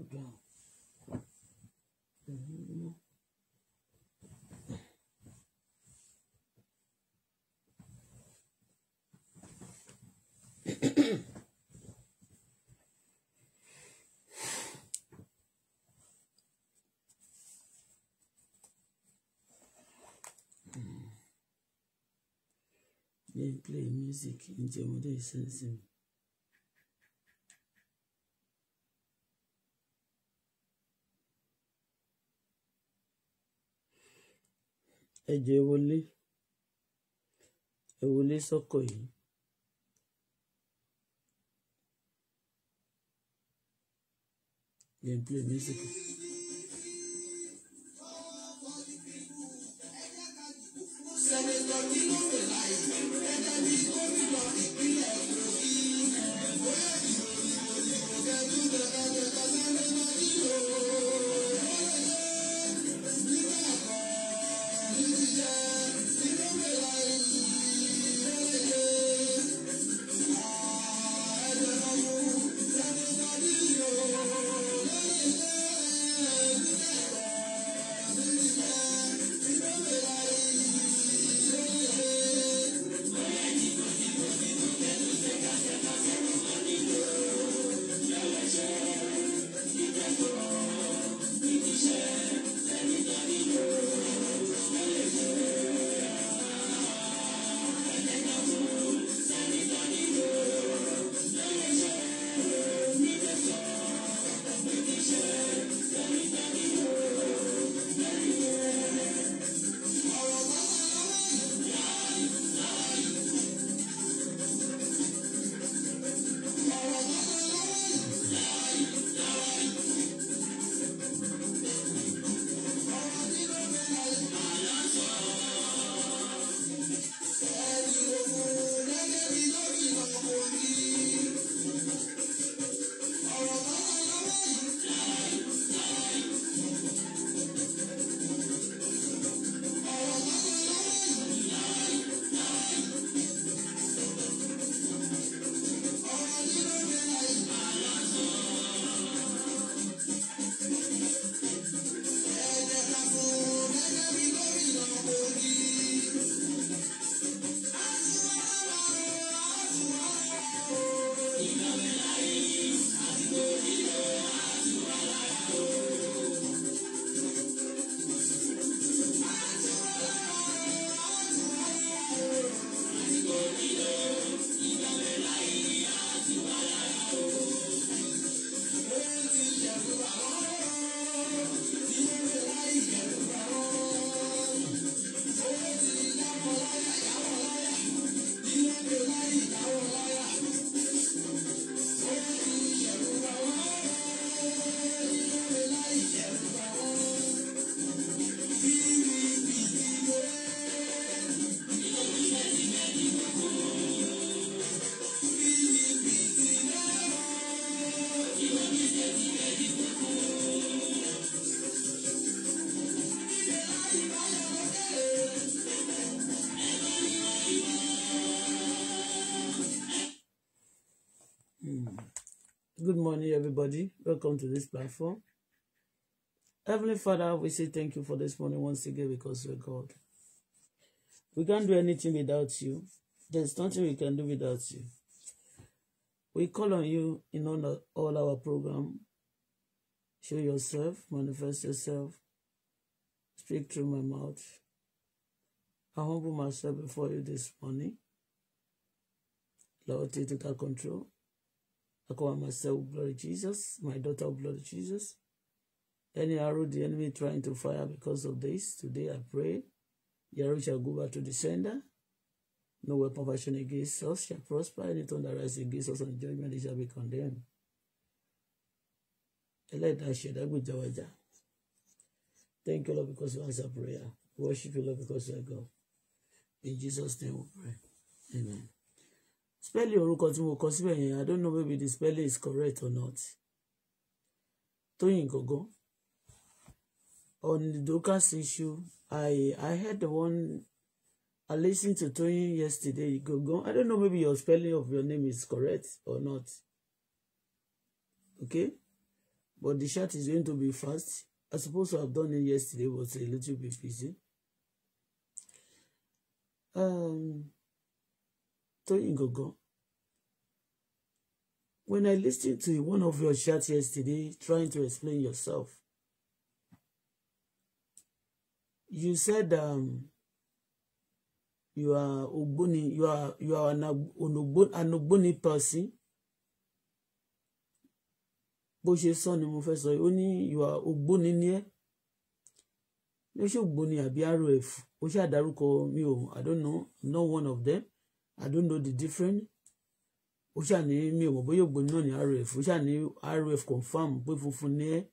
ọ̀gá play music in Jemode Sensim. ẹ jẹ́ wọlé ẹ wọlé sọ́kọ̀ yìí. Then play music. Sẹ́ni lọ ní ìfẹ́ welcome to this platform. Heavenly Father, we say thank you for this morning once again because you're God. We can't do anything without you. There's nothing we can do without you. We call on you in all, all our program. Show yourself, manifest yourself, speak through my mouth. I humble myself before you this morning. Lord, take total control. I call myself oh, Glory Jesus, my daughter oh, Glory Jesus. Any arrow the enemy trying to fire because of this, today I pray, the arrow shall go back to the sender. No weapon fashioned against us shall prosper. Any tongue that rises against us on judgment, it shall be condemned. Ẹlẹ́dàá ṣẹ̀dá gbèjà wájà. Thank you, Lord, because you answer prayer. Worship you, Lord, because you are God. In Jesus' name we pray. Amen spelling orúkọ tí mo kọ síbẹ̀ yẹn i don't know maybe the spelling is correct or not Tóyìn Gógó on the Dorcas issue i i heard the one i listened to Tóyìn yesterday Gógó i don't know maybe your spelling of your name is correct or not okay but the chat is going to be fast i suppose I have done it yesterday but a little bit busy. Um, Toyin Gogo. When I listened to one of your chats yesterday trying to explain yourself, you said um, you are Ogboni, you are you are an, Ogboni, an Ogboni person. But ṣe sọ ni mo fẹ́ sọ You are ìwà ògbóni ní ẹ ní ó ṣe ògbóni àbí I don't know I'm not one of them I don't know the difference ó ṣàní mi ò mọ̀ bóyá ògbóni náà ní RF ó ṣàní RF confam pé funfun ní ẹ́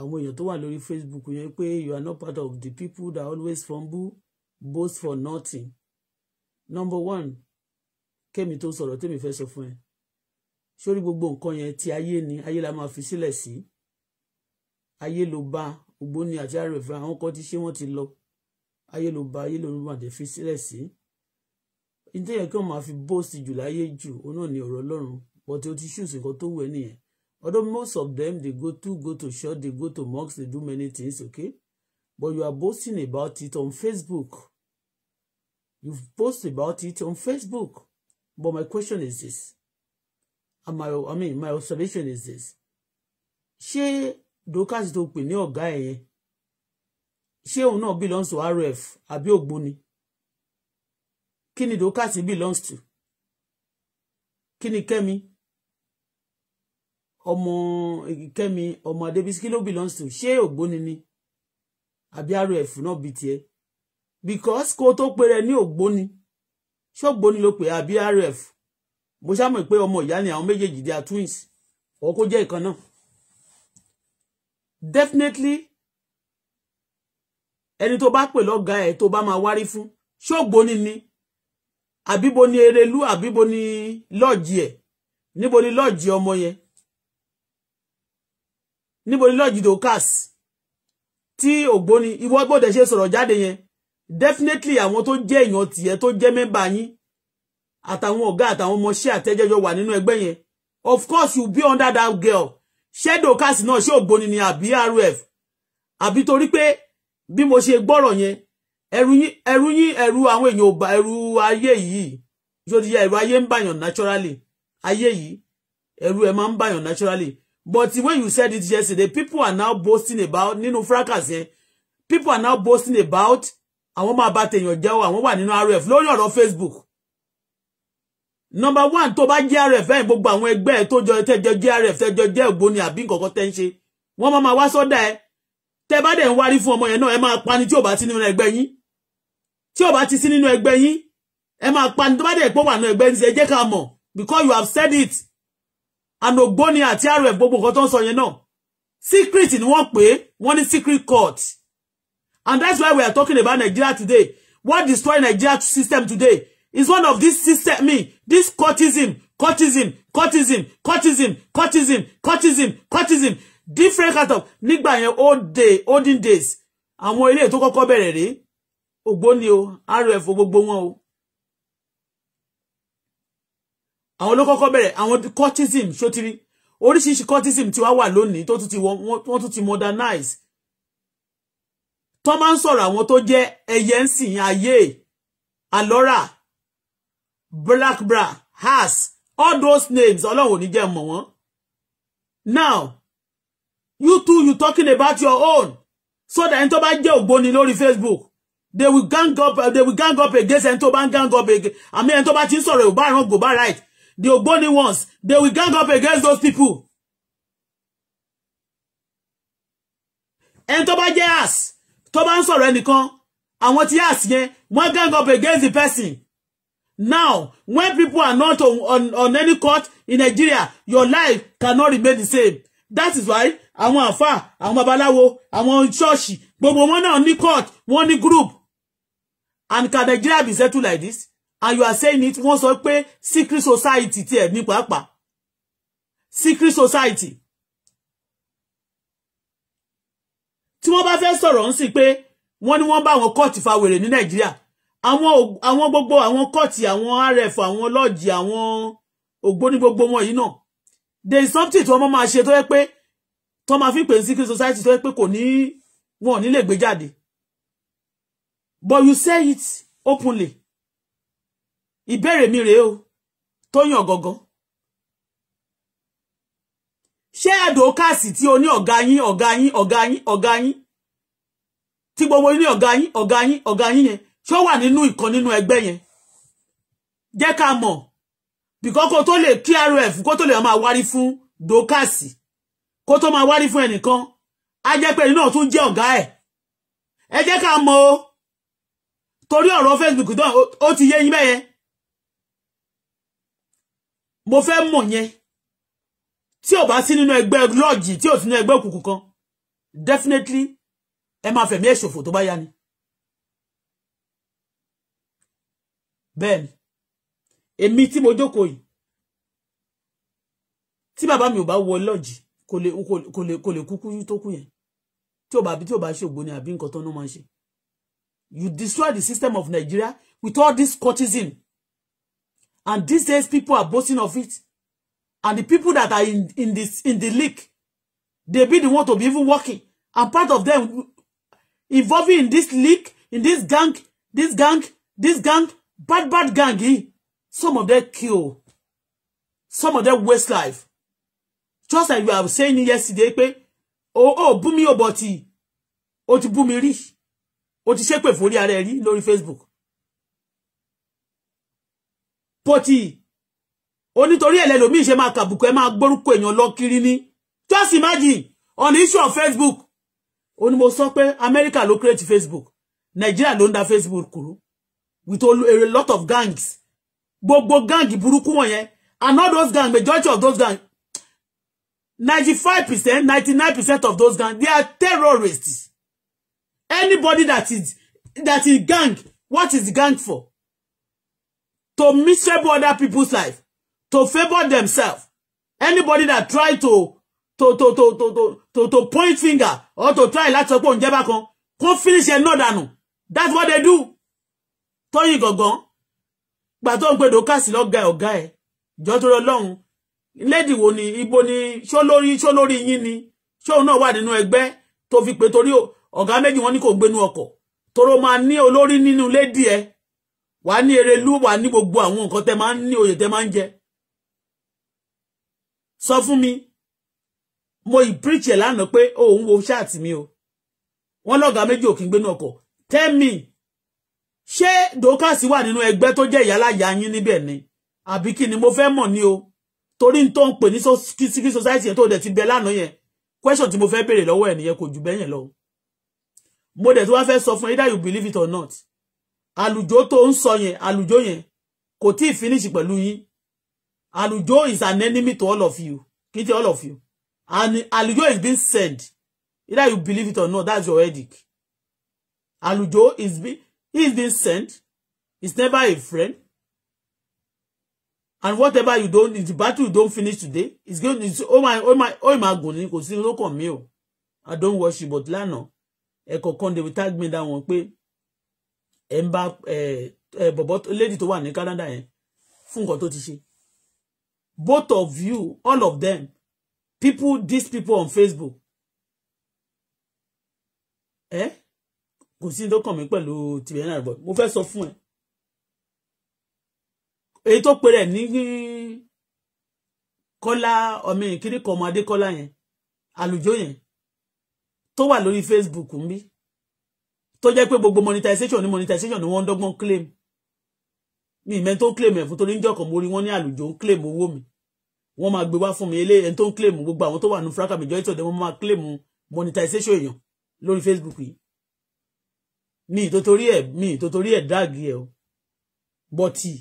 àwọn èèyàn tó wà lórí Facebook yẹn pé you are not part of the people that always fumble both for nothing number one kẹ́mi tó sọ̀rọ̀ tẹ́mi fẹ́ sọ fún ẹ sórí gbogbo nǹkan yẹn ti ayé ni ayé la máa fi sílẹ̀ sí ayé ló bá ògbóni àti RF àwọn kan ti ṣé wọ́n ti lọ ayé ló bá ayé ló ń bàdé fi sílẹ̀ sí. Si nítorí yẹn kí wọ́n máa fi bóòsì jù láyé jù òun náà ní ọ̀rọ̀ ọlọ́run but o ti ṣùsì nǹkan tó wù ẹ́ nìyẹn although most of them dey go to go to church dey go to mosque dey do many things okay but you are boasting about it on Facebook you post about it on Facebook but my question is this and my I mean my observation is this ṣé Dorcas tó pè ní ọ̀gá ẹ̀ yẹn ṣé òun náà belongs to RF àbí ògbóni. Kini ni Dorcas belongs to Kini kemi. Omo kemi Kẹ́mi ọmọ Adébísí kí belongs to ṣé ògbóni ni àbí aró ẹ̀fù náà bíi tiẹ̀ because kó tó pe rẹ ní ògbóni ṣé ògbóni ló pè àbí aró ẹ̀fù mo ṣàmọ̀ pé ọmọ ni àwọn méjèèjì they twins ọ̀ kó jẹ́ ìkan náà definitely ẹni tó bá pè lọ́gàá ẹ̀ tó bá máa wárí fún ṣé ògbóni ni àbíbo ni erelú àbíbo ni lọ́ọ̀jì ẹ̀ níbo ni lọ́ọ̀jì ọmọ yẹn níbo ni lọ́ọ̀jì dokas tí ògbóni ìwọ gbọ́dọ̀ ṣe sọ̀rọ̀ jáde yẹn definitely àwọn tó jẹ́ èèyàn tìyẹ́ tó jẹ́ mẹ́mbà yín àtàwọn ọ̀gá àtàwọn ọmọọṣẹ́ àtẹ́jọ́jọ wà nínú ẹgbẹ́ yẹn of course you be under that girl ṣé dokas náà ṣé ògbóni ni àbí rf àbí torí pé bí mo ṣe gbọ́rọ̀ yẹn ẹ̀rù yín ẹ̀rù yín ẹ̀rù àwọn èèyàn ò bá ẹ̀rù ayé yìí yóò ti yá ẹ̀rù ayé ń bàyàn naturally ayé yìí ẹ̀rù ẹ̀ máa ń bàyàn naturally but when you said it yesterday people are now boasting about nínú fracas yẹn people are now boasting about àwọn máa bá tèèyàn jẹ́ o àwọn wà nínú rf lórí ọ̀rọ̀ facebook number one tó bá jẹ́ rf lẹ́yìn gbogbo àwọn ẹgbẹ́ ẹ̀ tó jọ tẹ́jọ jẹ́ rf tẹ́jọ jẹ́ ògbóni àbí nǹkan kan tẹ́ ń ṣe wọ́n máa wá sọ́dà ẹ tẹ́ bá dẹ̀ ń wárí fún ọmọ yẹn náà ẹ máa pani tí ò bá ti nínú ẹgbẹ́ yín tí ó bá ti sí nínú ẹgbẹ́ yín ẹ máa pa ní tó bá wà nínú ẹgbẹ́ yín ẹ jẹ́ ká mọ̀ because you have said it and Ògbóni àti rf gbogbo nǹkan tó ń sọ yẹn náà secret ni wọ́n pè wọ́n ní secret court and that's why we are talking about Nigeria today what destroy Nigeria system today is one of this system me this courtism courtism courtism courtism courtism courtism courtism different kind of nígbà yẹn old day olden days àwọn ilé tó kọ́kọ́ bẹ̀rẹ̀ rèé ògbóni o rf gbogbo wọn o àwọn ló kọ́kọ́ bẹ̀rẹ̀ àwọn cultism sotiri oríṣiríṣi cultism tí wá wà lónìí tó tún ti wọ́n tún ti modernize tó máa ń sọ̀rọ̀ àwọn tó jẹ́ ẹyẹ ń sìn ayé alora black bra has all those names ọlọ́run ò ní jẹ́ mọ̀ wọ́n now you too you talking about your own so that ẹni tó bá jẹ́ ògbóni lórí Facebook they will gang up uh, they will gang up against and to bá gang up against àmì ẹni tó bá sorry, ń sọ̀rọ̀ yorùbá àrùn yorùbá right the Ògbóni ones they will gang up against those people. And to bá yes, to ban sorry, ń con. And what tí ass yẹn wọ́n gang up against the person. Now, when people are not on, on, on any court in Nigeria, your life cannot remain the same. That is why àwọn àfà, àwọn babaláwo, àwọn ṣọ́ọ̀ṣì, gbogbo wọn on the court, wọ́n ní group, and can Nigeria be settled like this and you are saying it wọ́n sọ pé secret society ti ẹ̀ ní pàápàá secret society tí wọ́n bá fẹ́ sọ̀rọ̀ ń sìn pé wọ́n ní wọ́n bá àwọn kọ́ọ̀tì fa wèrè ní Nàìjíríà àwọn àwọn gbogbo àwọn kọ́ọ̀tì àwọn rf àwọn lọ́ọ̀jì àwọn ògbóni gbogbo wọn yìí náà there is something tí wọ́n máa ṣe tó yẹ pé tó máa fi pè secret society tó yẹ pé kò ní wọn ò ní lè but you say it openly ìbéèrè mi rèé o Tóyìn Ògógó ṣé àdókàsì tí o ní ọ̀gá yín ọ̀gá yín ọ̀gá yín ọ̀gá yín tí gbogbo ní ọ̀gá yín ọ̀gá yín ọ̀gá yín yẹn ṣé ó wà nínú ìkan nínú ẹgbẹ́ yẹn jẹ́ ká mọ̀ because kó tó lè krf kó tó lè máa wárí fún dókàsì kó tó máa wárí fún ẹnìkan á jẹ́ pé ẹni náà tún jẹ́ ọ̀gá ẹ̀ ẹ jẹ́ ká mọ̀ o torí ọ̀rọ̀ Facebook náà ó ti yé yín mẹ́yẹn mo fẹ́ mọ̀ yẹn tí ò bá sí nínú ẹgbẹ́ lọ́ọ̀jì tí ò sí nínú ẹgbẹ́ òkùnkùn kan definitely ẹ máa fẹ̀mí ẹ̀ ṣòfò tó bá yá ni bẹ́ẹ̀ ni èmi tí mo jókòó yìí tí bàbá mi ò bá wọ lọ́ọ̀jì kò lè kò lè kò lè kúkú tó kú yẹn tí ò bá tí ò bá ṣògbó ni àbí nǹkan tó ń máa ń ṣe. You destroy the system of Nigeria with all this courtism. And these days, people are boasting of it. And the people that are in, in, this, in the leak, they be the one to be even working. And part of them involving in this leak, in this gang, this gang, this gang, bad, bad gang. Eh? Some of them kill. Some of them waste life. Just like we have saying yesterday, pé, oh, oh, bú mi, oh, but oh, ti boomy rich o ti ṣépè fún orí ara ẹ rí lórí Facebook pọ́tì onítorí ẹ̀lẹ́lòmíì ṣe máa kàbùkù ẹ máa gbórúkọ èèyàn lọ kiri ní just imagine on the issue of Facebook Oni ní mo sọ pé America ló create Facebook Nigeria ló ń Facebook kúrú with a lot of gangs gbogbo gang burúkú wọ̀nyẹn and all those gangs majority of those gangs 95 five percent ninety percent of those gangs they are terrorists Anybody that is that is gang, what is gang for? To miserable other people's life, to favor themselves. Anybody that try to to to to to to to, to point finger or to try let's go and òun jẹ́ bákan, finish ẹ̀ náà dànù. That's what they do. Tóyìn go gone, but don't go dòkásì lọ́gàá log guy or guy. rọ lọ́hùn. Lẹ́dì wo ni ibo ni ṣó lórí ṣó lórí yín ni? Ṣé òun náà wà nínú ẹgbẹ́ tó ọ̀gá méjì wọ́n ní kò gbénú ọkọ̀ toro máa ní olórí nínú ilé díẹ̀ wà ní erelú wà ní gbogbo àwọn nǹkan tẹ máa ń ní oyè tẹ máa ń jẹ sọ fún mi mo ìpírìtì ẹ̀ lánàá pé òun wo ṣáàtì mi o wọ́n lọ́gàá méjì ò kí ń gbénú ọkọ̀ tell me ṣé dókàsí wà nínú ẹgbẹ́ tó jẹ́ ìyálàyà yín níbẹ̀ ni àbí kí ni mo fẹ́ mọ̀ ni o torí n tó ń pè ní sikí society yẹn tó dẹ̀ ti bẹ lánàá yẹn question tí mo fẹ́ béèrè lọ́wọ́ ẹ̀ nìyẹn kò jù bẹ́yẹn lọ mo dẹ̀ tí wọ́n fẹ́ sọ fún either you believe it or not àlùjọ tó ń sọ yẹn àlùjọ yẹn kò tí ì finish pẹ̀lú yín àlùjọ is an enemy to all of you kì í all of you and àlùjọ is being sent either you believe it or not that's your headache àlùjọ is being he is being sent he's never a friend and whatever you don't the battle you don't finish today is going to oh my oh my oh my god kò sí lókàn mi o i don't worship but lánàá ẹ̀kọ̀ọ̀kan they will tag me down wọn pé ẹ̀ ń bá ẹ̀ bọ̀bọ̀ lady tó wà ní Canada yẹn fún nǹkan tó ti ṣe both of you all of them people these people on Facebook ẹ kò sí tó kàn mí pẹ̀lú tìbẹ̀ náà bọ̀ mo fẹ́ sọ fún ẹ èyí tó pe rẹ̀ ní Kọ́lá ọmọ ìkíní kan ọmọ yẹn àlùjọ yẹn tó wà lórí Facebook ń bí tó jẹ́ pé gbogbo monetization ní monetization ni wọ́n dọ́gbọ́n claim mi ìmẹ́ tó claim ẹ̀ fún torí ń jọ̀kọ̀ mo wọ́n ní àlùjọ ń claim owó mi wọ́n máa gbé wá fún mi eléyìí ẹni tó ń claim gbogbo àwọn tó wà ní franca majority ìtọ̀dẹ̀ wọ́n máa claim monetization èèyàn lórí Facebook yìí mi ì tó torí ẹ̀ mi ì tó torí ẹ̀ dáàgì ẹ̀ o bọ́tì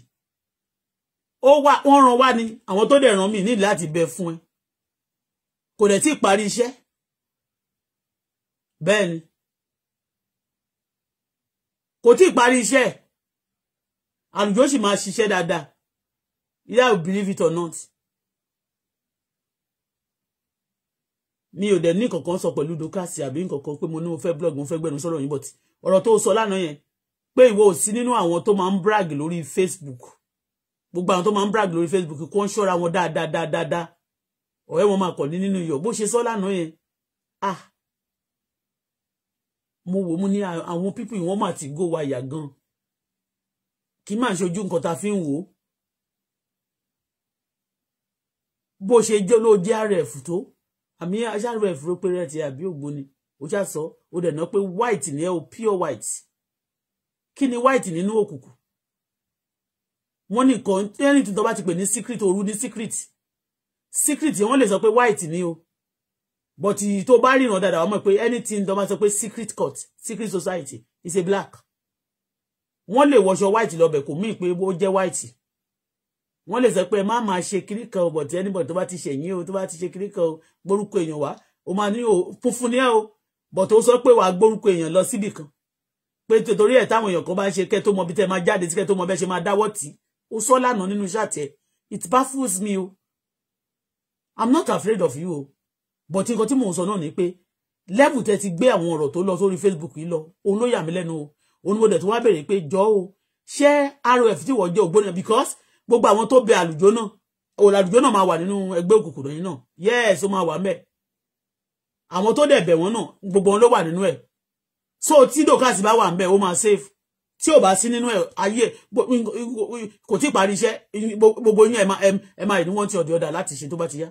ó wá wọ́n ràn wá ni àwọn tó dẹ̀ ràn mí ní láti bẹ fún ẹ kò dẹ̀ tí ì parí iṣẹ́ bẹ́ẹ̀ ni kò tí ì parí iṣẹ́ àlùjọ sì máa ṣiṣẹ́ dáadáa either you believe it or not mi ò dẹ̀ ní kankan sọ pẹ̀lú dókàsì àbí nkankan pé mo ní mo fẹ́ blog mo fẹ́ gbẹnu sọ̀rọ̀ yín bọ̀tì ọ̀rọ̀ tó sọ lánàá yẹn pé ìwọ ò sí nínú àwọn tó máa ń brag lórí Facebook gbogbo àwọn tó máa ń brag lórí Facebook kò ń ṣọ́ra wọn dáadáa dáadáa ọ̀rẹ́ wọn máa kọ̀ ní nínú iyọ̀ bó ṣe sọ lánàá yẹn ah mo wò mo ní àwọn pípì wọn mà ti gó wa yà gan kì í má ṣojú nǹkan tá a fi ń wò ó bó ṣe jẹ́ ló jẹ́ rf tó àmì rf ló pé rẹ́tì àbí ògbó ni ó ṣá sọ ó dẹ̀ ná pé white ni ẹ o pure white kí ni white nínú òkùnkùn wọ́n nìkan ẹni tó bá ti pè ní secret òru ní secret secret yẹn wọ́n lè sọ pé white ni o but to tó bá ríran dáadáa wọ́n mọ̀ pé anything tó máa sọ pé secret court secret society is a black wọ́n lè wọṣọ white lọ́bẹ̀ kò mí pé ó jẹ́ white wọ́n lè sọ pé ẹ má máa ṣe but anybody to bá ti ṣẹ̀yìn o tó bá ti ṣe kiri kan o gbórúkọ o máa ní o funfun ní o but ó sọ pé wàá gbórúkọ èèyàn lọ síbì kan pé torí e táwọn èèyàn kan bá ṣe kẹ́ tó mọ bí tẹ́ máa jáde tí kẹ́ tó mọ bẹ́ ṣe máa dáwọ́ tì ó sọ lánàá nínú ṣàtẹ it baffles me o i'm not afraid of you o But nǹkan tí mò ń sọ ni pé level tẹ ti gbé àwọn ọ̀rọ̀ tó lọ sórí Facebook yìí lọ òun ló yà mí lẹ́nu o òun ni mo dẹ̀ tó wá bèrè o ṣé ROF tí wọ́n jẹ́ ògbóni because gbogbo àwọn tó bẹ àlùjọ náà òlàlùjọ náà máa wà nínú ẹgbẹ́ òkùnkùn yìí náà yes ó máa wà mẹ́ àwọn tó dẹ̀ bẹ̀ wọ́n náà gbogbo wọn ló wà nínú ẹ̀ so tí dòkàsì bá wà ń bẹ̀ ó máa save tí ò bá sí nínú ẹ̀ ayé kò tí ì parí iṣẹ́ gbogbo yín ẹ̀ máa ẹ̀ máa ìdíwọ́n ti ọ̀dẹ̀ oda lati ṣe tó bá ti yá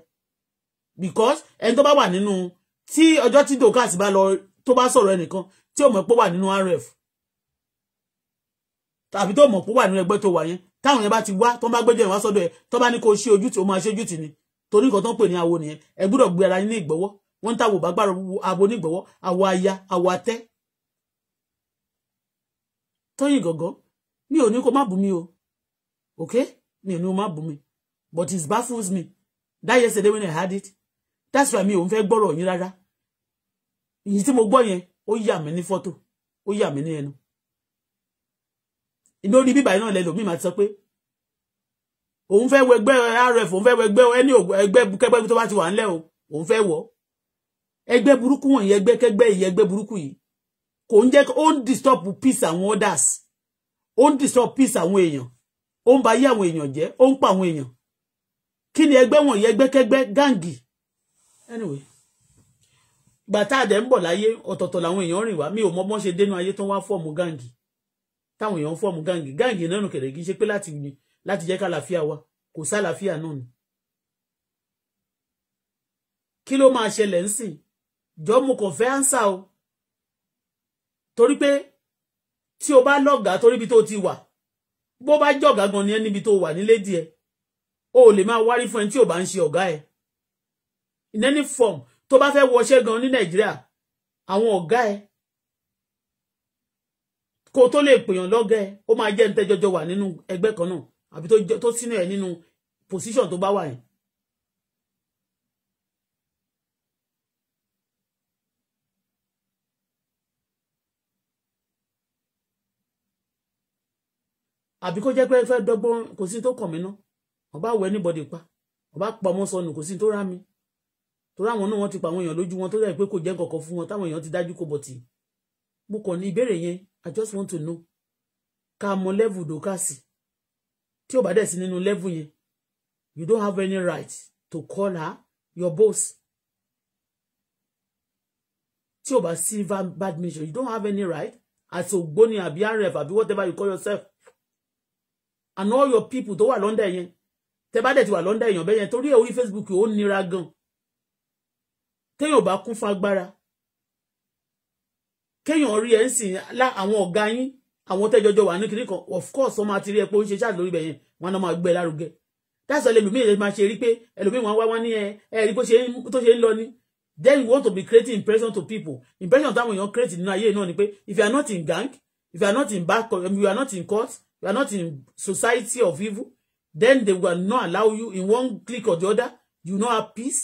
because ẹni tó bá wà nínú tí ọjọ́ tí Dorcas bá lọ tó bá sọ̀rọ̀ ẹnìkan tí ò mọ̀ pé wà nínú RF tàbí tó mọ̀ pé wà nínú ẹgbẹ́ tó wà yẹn táwọn yẹn bá ti wá tó ń bá gbẹ́jọ́ ìwá sọ́dọ̀ ẹ̀ tó bá ní kó ṣe ojútì ó máa ṣe ojútì ni torí nǹkan tó ń pè ní awo nìyẹn ẹ gbúdọ̀ gbé ara yín ní ìgbọ́wọ́ wọ́n ń tàwọ̀ bá abo ní ìgbọ́wọ́ àwọ̀ aya àwọ̀ atẹ́ Tóyìn gọ̀gọ́ mi ò ní kó má bù mí o okay mi ò ní kó má bù mí but it baffles me that yesterday when I had it that's why mi ò ń fẹ́ gbọ́rọ̀ yín rárá ìyí tí mo gbọ́ yẹn ó yà mí ní fọ́tò ó yà mí ní ẹnu lórí bíbà iná ilẹ̀ lòmíì máa ti sọ pé òun fẹ́ wẹgbẹ́ rf òun fẹ́ wẹgbẹ́ ẹni ẹgbẹ́ kẹgbẹ́ tó bá ti wà ńlẹ̀ o òun fẹ́ wọ̀ ẹgbẹ́ burúkú wọ̀nyí ẹgbẹ́ kẹgbẹ́ yìí ẹgbẹ́ burúkú yìí kò ń jẹ́ ó ń disturb peace àwọn others ó ń disturb peace àwọn èèyàn ó ń ba ayé àwọn èèyàn jẹ́ ó ń pa àwọn èèyàn kí ni ẹgbẹ́ wọ̀nyí ẹgbẹ́ kẹgbẹ́ gáǹgì anyway gbà tá a dẹ̀ ń bọ̀ láyé ọ̀tọ̀ọ̀tọ̀ làwọn èèyàn rìn wá mi ò mọ bọ́n ṣe dénú ayé tó ń wá fọ́ọ̀mù gáǹgì táwọn èèyàn ń fọ́ọ̀mù gáǹgì gáǹgì náà nù kẹ̀rẹ̀ ṣe pé láti gbìn láti jẹ́ kálàáfíà wa kò sálàáfíà náà ni. kí ló máa ṣẹlẹ̀ ń sìn jọ́ mo kàn fẹ́ ánsà o torí pé tí o bá lọ́gàá torí ibi tó ti wà bó bá jọ̀gá gan ni ẹ́ níbi tó wà nílé díẹ̀ o ò lè máa wárí fún ẹ tí ò bá ń ṣe ọ̀gá ẹ̀ in any form tó bá fẹ́ wọṣẹ́ gan ní nàìjíríà àwọn ọ̀gá ẹ kó tó lè pèèyàn lọ́gẹ́ ó máa jẹ́ ntẹ́jọjọ wà nínú ẹgbẹ́ kan náà àbí tó sínú ẹ̀ nínú position tó wa. wà yẹn. àbí kó jẹ́ pé fẹ́ dọ́gbọ́n kò sí tó kàn mí ná ọba wọ anybody pa ọba pọ̀ mọ́ sọnù kò sí tó rá mi torí àwọn náà wọ́n ti pa àwọn èèyàn lójú wọn tó dẹ̀ pé kò jẹ́ kankan fún wọn táwọn èèyàn ti dájú kó bọ̀ tì mo kàn ní ìbéèrè yẹn i just want to know ká mọ level dókàsì tí ò bá dẹ̀ sí nínú level yẹn you don't have any right to call her your boss tí ò bá sí bad mission you don't have any right as ògbóni àbí rf àbí whatever you call yourself and all your people tó wà lọ́ndà yẹn tẹ bá dẹ̀ ti wà lọ́ndà èèyàn bẹ́yẹn torí ẹ̀ orí facebook ò nira gan kéèyàn bá kún fún agbára kéèyàn rí ẹ ń sìn lá àwọn ọ̀gá yín àwọn tẹ́jọjọ wà ní kìnìkan of course wọ́n máa ti rí ẹ pé ó ń ṣe ṣáà lórí ibẹ̀ yẹn wọn náà máa gbé ẹ lárugẹ dáṣọ ẹlòmíì ẹ máa ṣe rí pé ẹlòmíì wọn wá wá ní ẹ rí bó ṣe ń lọ ní then you want to be creating impression to people impression táwọn èèyàn create nínú ayé náà ni pé if you are not in gang if you are not in back you are not in court you are not in society of evil then they will not allow you in one click or the other you no have peace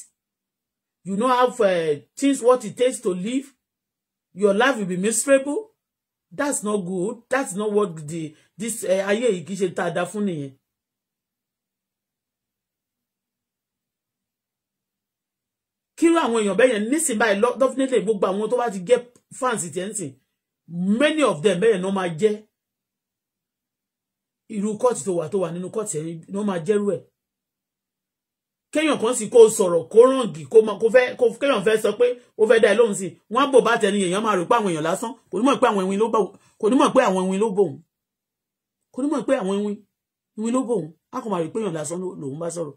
you know how uh, things what it takes to live your life will be miserable that's not good that's not what the this uh, ayé yìí kì í ṣe tá a dá fún nìyẹn. kírú àwọn èèyàn bẹ́ẹ̀ yẹn nísìnyí báyìí definitely gbogbo àwọn tó get fancy tiẹ̀ many of them bẹ́ẹ̀ no ló máa jẹ́ irú kọ́ọ̀tì tó wà tó wà nínú kọ́ọ̀tì yẹn ló máa jẹ́rú ẹ̀ kéèyàn kan sì kó sọ̀rọ̀ kó ràǹgì kó mọ kó fẹ́ kó kéèyàn fẹ́ sọ pé ó fẹ́ dá ẹ lóhùn sí i wọ́n á bò bá tẹni èèyàn máa rò pé àwọn èèyàn lásán kò ní mọ̀ pé àwọn ìwin ló bò kò ní mọ̀ pé àwọn ìwin ló bò òun kò ní mọ̀ pé àwọn ìwin ló bò òun á kò máa rò pé èèyàn lásán lòun bá sọ̀rọ̀.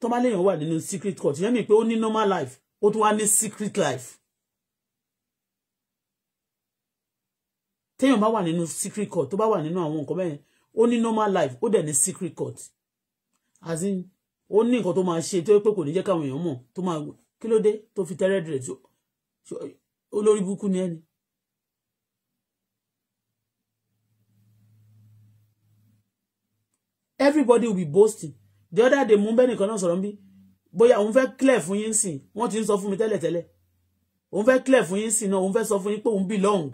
tọ́mọ wà nínú secret court yẹn mi pé ó ní normal life ó tún wá ní secret life. téèyàn bá wà nínú secret court tó bá wà nínú àwọn nǹkan bẹ́ẹ̀ ó ní normal life ó dẹ̀ ní secret court as in ó ní nǹkan tó máa ṣe tó yẹ pé kò ní jẹ́ káwọn èèyàn mọ̀ tó máa kí ló dé tó fi tẹ́rẹ́ dìrẹ̀ tó olórí burúkú ni ẹni. everybody will be boasting the other day mo ń bẹ́ nìkan náà sọ̀rọ̀ ń bí bóyá òun fẹ́ clear fún yín sìn wọ́n ti ń sọ fún mi tẹ́lẹ̀tẹ́lẹ̀ òun fẹ́ clear fún yín sìn náà òun fẹ́ sọ fún yín pé òun belong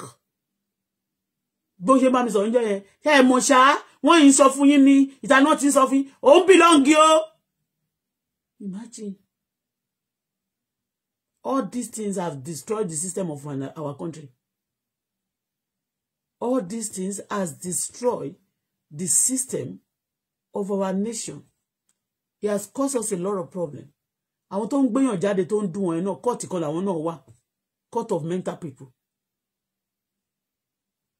bó ṣe bá mi sọ̀rọ̀ ń jẹ́ yẹn ẹ mọ̀ ṣáá wọ́n yìí ń sọ fún yín ní ìta náà ti ń sọ fún yín òun bìlọ́ǹgì o imagine all these things have destroyed the system of our country all these things has destroyed the system of our nation He has caused us a lot of problems. àwọn tó ń gbéyàn jáde tó ń dùn wọn yẹn náà kọ́ọ̀tì kan làwọn náà wà court of mental people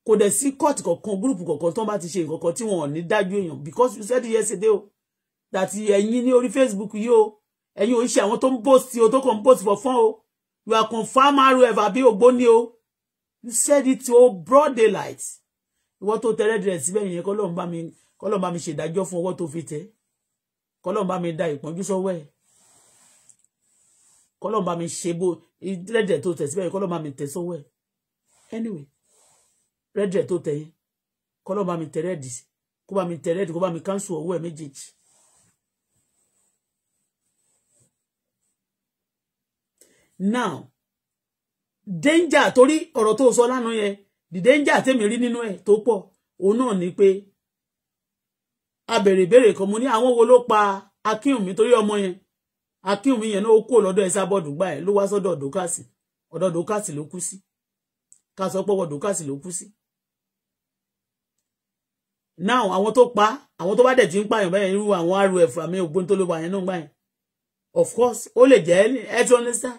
kò dẹ̀ sí court kankan group kankan tó bá ti ṣe nǹkan kan tí wọn ò ní dájú èèyàn because you said yesterday o that ẹ̀yin ní orí facebook yìí o ẹ̀yin ò ń ṣe àwọn tó ń post o tó kàn ń post for fun o you are confirm aru ẹ̀fà bí ògbóni o you said it o broad daylight ìwọ tó tẹ rẹ́dìrẹ́ síbẹ̀ yẹn kọ́lọ́n bá mi kọ́lọ́n bá mi ṣèdájọ́ fún ọwọ́ tó fi tẹ kọ́lọ́n bá mi da ìpọ́njú sọ́wọ́ ẹ̀ kọ́lọ́n bá mi ṣe bó rẹ́dìrẹ́ tó tẹ̀ síbẹ̀ yẹn kọ́lọ́n bá mi tẹ̀ sọ́wọ́ ẹ̀ anyway rẹ́dìrẹ̀ tó tẹ̀ yín kọ́lọ́ bá mi tẹ̀ rẹ́dì kó bá mi tẹ̀ rẹ́dì kó bá mi káńsù ọwọ́ ẹ̀ méjèèjì. now danger torí ọ̀rọ̀ tó sọ lánàá yẹn the danger tèmi rí nínú ẹ̀ tó pọ̀ òun náà ni pé a bèrè ìbéèrè kan mo ní àwọn wo ló pa akínwùmí torí ọmọ yẹn akínwùmí yẹn náà ó kúrò lọ́dọ̀ ẹ̀ sábọ́ọ̀dù gbà ẹ̀ ló wá sọ́dọ̀ dókàsì ọ̀dọ̀ dókàsì ló kú sí ká sọ pé ọwọ́ dókàsì ló kú sí now àwọn tó pa àwọn tó bá dẹ̀ ti ń pààyàn bẹ́ẹ̀ irú àwọn rf àmì ògbón tó ló wà yẹn náà gbà yẹn of course ó lè jẹ́ ẹ ti understand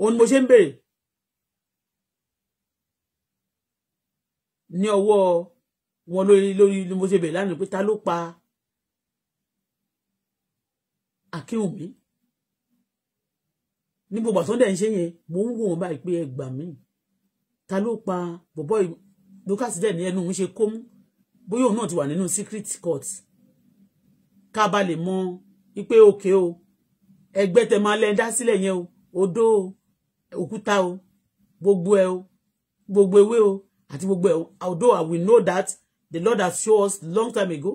òun ni mo ṣe ń béèrè ní ọwọ́ wọn lórí lórí ni mo ṣe béèrè lánàá pé ta ló pa Akínwùmí ní gbogbo àtúndẹ̀ ń ṣe yẹn mo ń wò wọn báyìí pé ẹ gbà mí ta ló pa bọ̀bọ́ Lucas ní ẹnu òun ṣe kó mú bóyá òun náà ti wà nínú secret court ká bá lè mọ wípé òkè o ẹgbẹ́ tẹ máa lẹ́ dá sílẹ̀ yẹn o odó o òkúta o gbogbo ẹ o gbogbo ewé o àti gbogbo ẹ o although I will know that the Lord has show us long time ago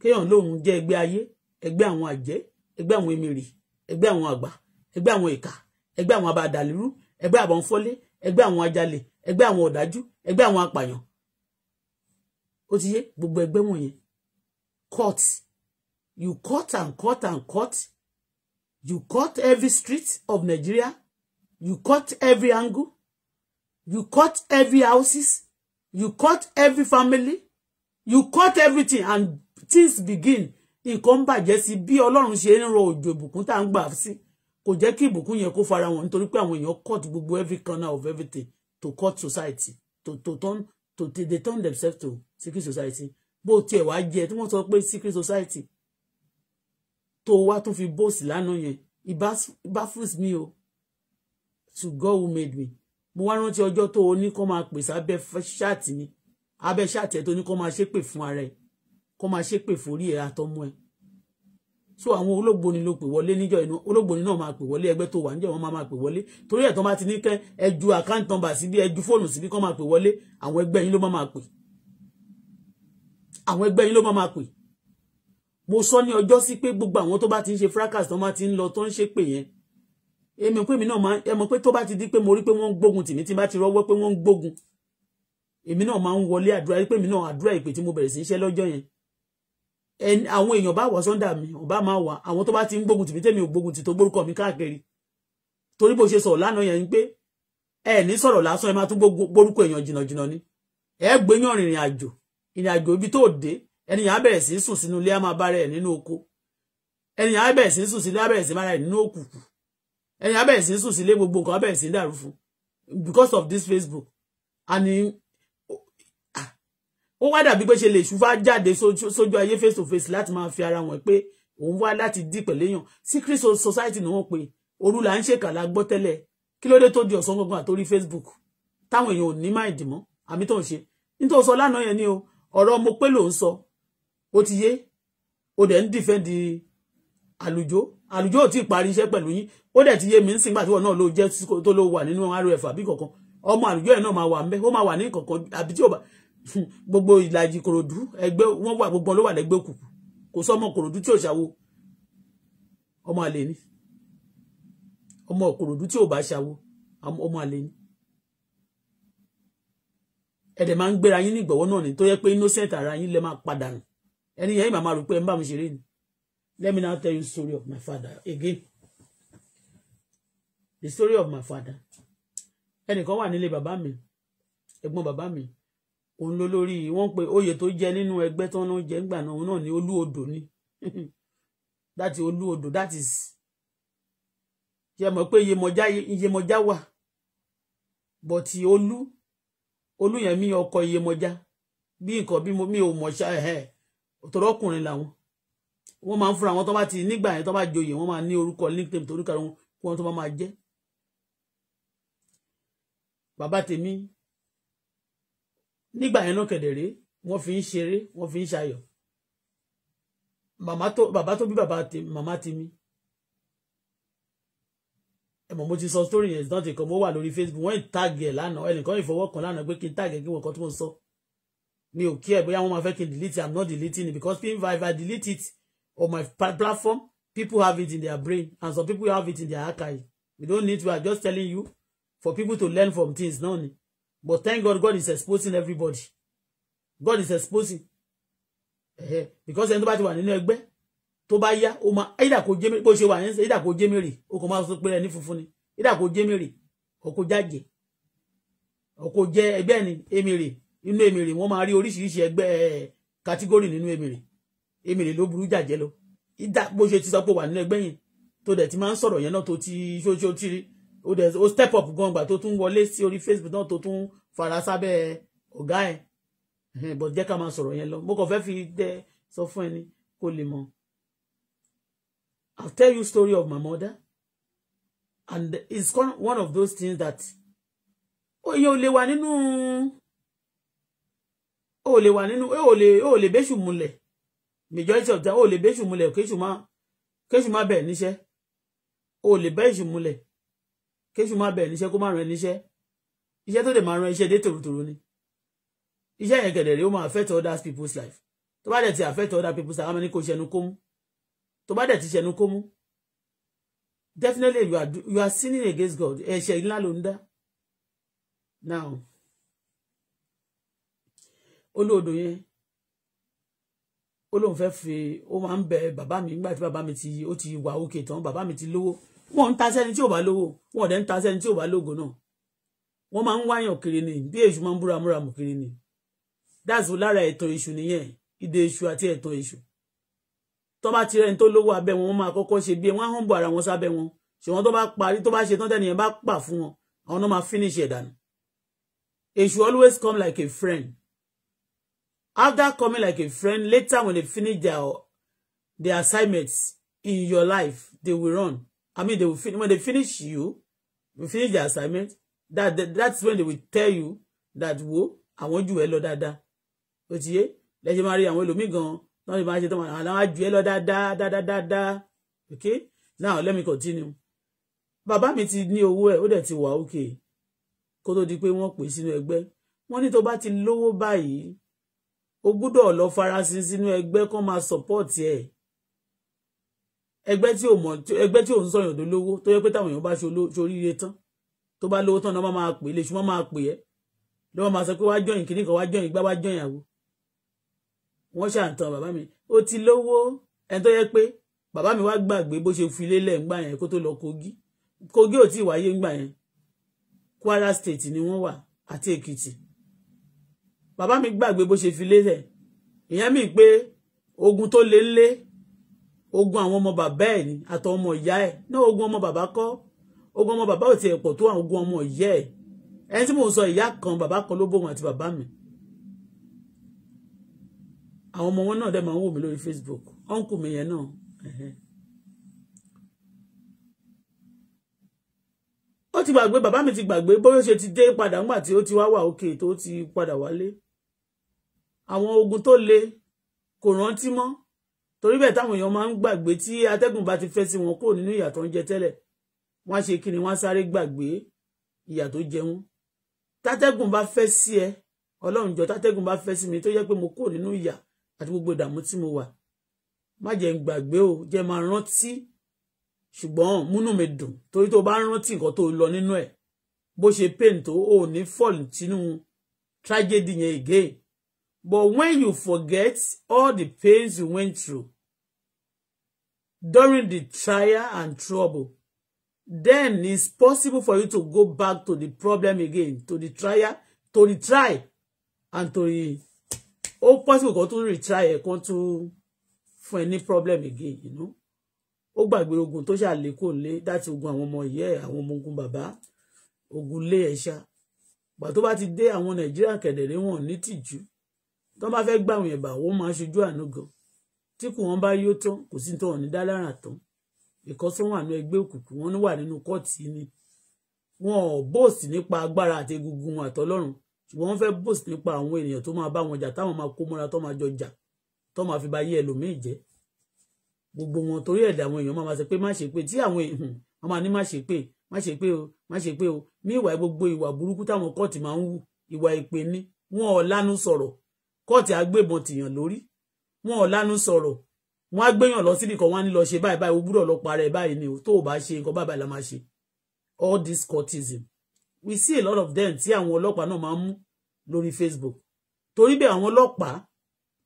kéèyàn lóun jẹ́ ẹgbẹ́ ayé ẹgbẹ́ àwọn àjẹ́ ẹgbẹ́ àwọn emèrè ẹgbẹ́ àwọn àgbà ẹgbẹ́ àwọn ìkà ẹgbẹ́ àwọn abàdàlúrú ẹgbẹ́ àwọn fọ́lé ẹgbẹ́ àwọn ajalè ẹgbẹ́ àwọn ọ̀dájú ẹgbẹ́ àwọn apàyàn ó ti yé gbogbo ẹgbẹ́ wọ̀nyẹn cut you cut and cut and cut you cut every street of Nigeria you cut every angle you cut every houses you cut every family you cut everything and things begin nǹkan ń bàjẹ́ sí bí ọlọ́run ṣe ń rọ òjò ìbùkún tá à ń gbà sí kò jẹ́ kí ìbùkún yẹn kó fara wọn nítorí pé àwọn èèyàn cut gbogbo every corner of everything to cut society to to turn to they turn themselves to secret society bó tiẹ̀ wá jẹ tí wọ́n sọ pé secret society tó wá tún fi bóòsì lánàá yẹn it baffles me o to God who made me mo wá rántí ọjọ́ tó o ní kó máa pèsè abẹ́ ṣáàtì mi abẹ́ ṣáàtì ẹ̀ tó ní kó máa ṣépè fún ara ẹ̀ kó máa ṣépè fórí ẹ̀ àtọmọ ẹ̀ so àwọn olóògbóni ló pè wọlé níjọ inú olóògbóni náà máa pè wọlé ẹgbẹ́ tó wà níjọ wọn máa pè wọlé torí ẹ̀ tán bá ti ní kẹ́ ẹjú àkáǹtì nọ́mbà síbí ẹjú fóònù síbí kán máa pè wọlé àwọn ẹgbẹ́ yín ló máa pè àwọn ẹgbẹ́ yín ló máa pè mo sọ ní ọjọ́ sí pé gbogbo àwọn tó bá ti ń ṣe fracas tán bá ti ń lọ tó ń ṣe pè yẹn èmi pé èmi náà máa ẹ mọ̀ pé tó bá ti di pé mo rí pé wọ́n ń gbógun tìmí tí bá ti rọ́wọ́ pé wọ́n ń gbógun èmi náà máa ń wọlé àdúrà pé èmi náà àdúrà ìpè tí mo bẹ̀rẹ̀ sí í ṣe lọ́jọ́ yẹn àwọn èèyàn bá wà sọ́ndà mi ọba máa wà àwọn tó bá ti ń gbógun tì mí tèmi ò gbógun tì tó gbórúkọ mi káàkiri torí bó ṣe sọ̀rọ̀ lánàá yẹn ń pé ẹ ní sọ̀rọ̀ lásán ẹ máa tún gbórúkọ èèyàn jìnnàjìnnà ni ẹ gbéyàn rìnrìn àjò ìrìn àjò ibi tó dé ẹnìyàn á bẹ̀rẹ̀ sí sùn sínú ilé á máa bá rẹ̀ nínú oko ẹnìyàn á bẹ̀rẹ̀ sí sùn sílé á bẹ̀rẹ̀ sí máa rẹ̀ nínú òkùnkùn ẹnìyàn á bẹ̀rẹ̀ sí sùn sílé gbogbo nǹkan á bẹ̀rẹ̀ sí dàrú fún because of this Facebook and ó wá dàbí pé ṣe lè ṣùfà jáde sójú ayé face to face láti máa fi ara wọn pé òun wá láti dí pẹ̀lú secret society ni wọ́n pe òru là ń ṣèkà la gbọ́ tẹ́lẹ̀ kí ló dé tó di ọ̀sán gangan àtórí Facebook táwọn èèyàn ò ní máa ìdìmọ́ àmì tó ń ṣe nítorí sọ lánàá yẹn ni o ọ̀rọ̀ mo pé ló ń sọ ó ti yé ó dẹ̀ ń dìfẹ́ǹdì àlùjọ àlùjọ ò tí ì parí iṣẹ́ pẹ̀lú yín ó dẹ̀ ti yé mi nísìnyí gbàtíwọ̀ náà ló jẹ́ tó ló wà nínú rf àbí kankan ọmọ àlùjọ yẹn náà máa wà ń bẹ́ ó máa wà ní kankan àbí tí ò bá gbogbo ìlàjì kòròdú ẹgbẹ́ wọn wà gbogbo ló wà lẹ́gbẹ́ òkùnkùn kò sọmọ kòròdú tí ò ọmọ àlè ni ọmọ tí ò bá ṣàwó ọmọ àlè ni ẹ̀dẹ̀ máa ń gbéra yín ní ìgbọ̀wọ́ náà ni tó yẹ pé innocent ara yín lè máa padà nù ẹni yẹn màmá rò pé ẹ ń bá mi ṣeré ni let me now tell you story of my father again the story of my father ẹnìkan wà nílé bàbá mi bàbá mi òun ló lórí wọn pe oyè tó jẹ nínú ẹgbẹ́ tó ń jẹ ńgbà náà òun náà ni olú ni that is olú odò that is ṣe mọ̀ pé iyemọjá iyemọjá wà but olú olú yẹn mi ọkọ iyemọjá bí nǹkan bí mo mi ò mọ̀ ṣá ẹ̀ tọrọkùnrin làwọn wọ́n máa ń fúnra wọn tó bá ti nígbà yẹn tó bá joyè wọ́n máa ní orúkọ linkedin torí kàrọ wọn kí wọ́n tó bá máa jẹ́ bàbá tèmi nígbà yẹn náà kẹdẹrẹ wọ́n fi ń ṣeré wọ́n fi ń ṣayọ̀ bàbá tó bí màmá ti mi ẹ mọ̀ mo ti sọ story yẹn ìdáǹtì kan mo wà lórí Facebook wọ́n ń tàgì ẹ̀ lánàá ẹnìkan ìfọwọ́ kan lánàá pé kí n tàgì ẹ̀ kí wọ́n kan tó ń sọ mi ò kí ẹ̀ bóyá wọ́n máa fẹ́ kí n delete I'm not deleting it because if I, if I delete it on my platform people have it in their brain and some people have it in their archive we don't need to I'm just telling you for people to learn from things náà ni. But thank God, God is exposing everybody. God is exposing. Eh, because ẹni tó bá know wà nínú ẹgbẹ́ tó bá yá, ó máa ìdà kò jẹ́ mèrè, bó ṣe wà ní ìdà kò jẹ́ mèrè, ó kò máa sọ pé ẹni funfun ni. Ìdà kò jẹ́ mèrè, ọkọ̀ jáde. Ọkọ̀ jẹ́ ẹgbẹ́ ni èmèrè, inú èmèrè, wọ́n máa rí oríṣiríṣi ẹgbẹ́ kàtígórì nínú èmèrè. Èmèrè ló burú jàjẹ́ lọ. Ìdà bó ṣe ti sọ pé wà nínú ẹgbẹ́ yẹn tó dẹ̀ ti máa ń ti ó dẹ̀ ó step up gan gbà tó tún wọlé sí orí Facebook náà tó tún fara sábẹ́ ọ̀gá ẹ̀ but jẹ́ ká máa sọ̀rọ̀ yẹn lọ mo kàn fẹ́ fi dẹ sọ fún ẹni kó lè mọ̀ I'll tell you story of my mother and it's one of those things that ó yo ò lè wà nínú le lè wà nínú ó lè ó lè bẹ́ṣù múlẹ̀ majority of the ó lè bẹ́ṣù múlẹ̀ kéṣù má kéṣù má bẹ̀ níṣẹ́ ó lè bẹ́ṣù múlẹ̀ kéṣù má bẹ̀ níṣẹ́ kó má rán níṣẹ́ iṣẹ́ tó dẹ̀ máa rán iṣẹ́ dé tòrótòró ni iṣẹ́ yẹn kẹ̀dẹ̀ rèé ó máa affect other people's life tó bá dẹ̀ ti affect other people's life amẹ́ni kò ṣẹnu kó mú tó bá dẹ̀ ti ṣẹnu kó mú definitely you are, you are sinning against God ẹ̀ṣẹ̀ ńlá ló ń dá now olóòdò yẹn ó lóun fẹ́ fi ó máa ń bẹ bàbá mi nígbà tí bàbá mi ti ó ti wà òkè tán bàbá mi ti lówó wọ́n ń ta sẹ́ni tí ò bá lówó wọ́n ọ̀dẹ́ ń ta sẹ́ni tí ò bá lógo náà wọ́n máa ń wáyàn kiri ni bí èṣù máa ń búra múra mù kiri ni dáàsù lára ẹ̀tàn èṣù nìyẹn ìdè èṣù àti ẹ̀tàn èṣù tó bá tirẹ̀ ní tó lówó abẹ́ wọn wọ́n máa kọ́kọ́ ṣe bí wọ́n á hàn bọ̀ ara wọn sábẹ́ wọn ṣùgbọ́n tó bá parí tó bá ṣe tán tẹ́nìyẹn bá pà fún wọn àwọn náà máa finish ẹ̀ dànù èṣù always come like a friend after coming like a friend later when they finish their their assignments in your life they will run I mean, they will finish when they finish you, We finish the assignment. That, that that's when they will tell you that wo I want you hello dáadáa. Ó ti let you marry and well ẹlòmíì gan-an náà lè máa ṣe tán àwọn da da da da dáadáa dáadáa Okay, now let me continue. Baba, me ti ni owó ẹ̀ ó dẹ̀ ti wa òkè kó tó di pé wọ́n pè sínú egbe. Wọ́n ní tó bá ti lówó báyìí, o gbúdọ̀ lọ farasin sínú ẹgbẹ́ kó máa support ẹ̀ ẹgbẹ́ tí ò mọ̀ ẹgbẹ́ tí ò ń sọ̀yàn lólówó tó yẹ pé táwọn èèyàn bá ṣoríire tán tó bá lówó tán náà máa pè é lè ṣùgbọ́n máa pè é lọ́wọ́ máa sọ pé wá jọyìn kìíní kan wá jọyìn gbá wá àwo wọ́n ṣàǹtàn bàbá mi ó ti lówó ẹni tó yẹ pé bàbá mi wá gbàgbé bó ṣe fi lélẹ̀ ńgbà yẹn kó tó lọ Kogi Kogi ò tí ì wáyé ńgbà yẹn Kwara State ni wọ́n wà àti Èkìtì bàbá mi gbàgbé bó ṣe fi lélẹ̀ ìyẹn mi pé ogun tó lé lé ogun àwọn ọmọ bàbá ẹ̀ ni àtọ̀ ọmọ ìyá ẹ̀ náà ogun ọmọ bàbá kọ́ ogun ọmọ bàbá ò tiẹ̀ pọ̀ tó àwọn ogun ọmọ ìyá ẹ̀ ẹni tí mò ń sọ ìyá kan bàbá kan ló bóun àti bàbá mi àwọn ọmọ wọn náà dẹ̀ máa ń wò mí lórí Facebook ọ̀nkù mi yẹn náà ó ti gbàgbé bàbá mi ti gbàgbé bóyá ó ṣe ti dé padà ńgbà tí ó ti wá wà òkè tó ti padà wálé àwọn ogun tó le kò rántí mọ́ torí bẹ́ẹ̀ táwọn èèyàn máa ń gbàgbé tí atẹ́gùn bá ti fẹ́ sí wọn kúrò nínú ìyà tó ń jẹ tẹ́lẹ̀ wọ́n á ṣe kí ni wọ́n á sáré gbàgbé ìyà tó jẹ wọ́n tátẹ́gùn bá fẹ́ sí ẹ ọlọ́run jọ tátẹ́gùn bá fẹ́ sí mi tó yẹ pé mo kúrò nínú ìyà àti gbogbo ìdààmú tí mo wà má jẹ́ ń gbàgbé o jẹ́ máa rántí ṣùgbọ́n múnú mi dùn torí tó bá rántí nǹkan tó lọ nínú ẹ̀ bó ṣe pain tó ò fall sínú tragedy yẹn again But when you forget all the pains you went through during the trial and trouble, then it's possible for you to go back to the problem again, to the trial, to the try, and to the ó possible go to retry ẹ to tún fún problem again you know ó gbàgbé ogun tó ṣàlè kò lé láti ogun àwọn ọmọ ìyá ẹ àwọn ọmọ ogun bàbá ogun lé ẹṣá gbà tó bá ti dé àwọn nàìjíríà kẹdẹrẹ wọn ní tìjú tó bá fẹ́ gbà wọn ẹ̀bà ó máa ṣojú àánú gan tí kò wọ́n bá yó tán kò sí tán ní dálára tán ìkọ́ tó wà ní ẹgbẹ́ òkùnkùn wọn wà nínú kọ́ọ̀tì ni wọn ò bóòsì nípa agbára àti egungun wọn àtọlọ́run ṣùgbọ́n wọ́n fẹ́ bóòsì nípa àwọn ènìyàn tó máa bá wọn jà táwọn máa kó mọ́ra tó máa jọ jà tó máa fi ba yé ẹlòmíì jẹ́ gbogbo wọn torí ẹ̀dá àwọn èèyàn máa ma sọ pé má ṣe pé tí àwọn èèyàn hmm, wọn máa ní má ṣe pé má ṣe pé o má ṣe pé o ní ìwà gbogbo ìwà burúkú táwọn kọ́ọ̀tì máa ń wù ìwà ìpè ní wọn ò lánú sọ̀rọ̀ kọ́ọ̀tì agbébọn tìyàn lórí wọn ò lánú sọ̀rọ̀ wọn á gbéyàn lọ síbi kan wọn á ní lọ ṣe báyìí báyìí o gbúdọ̀ lọ parẹ́ báyìí ni tó o bá ṣe nǹkan báyìí la máa ṣe all this courtism we see a lot of them tí àwọn ọlọ́pàá náà máa mú lórí Facebook torí bẹ́ẹ̀ àwọn ọlọ́pàá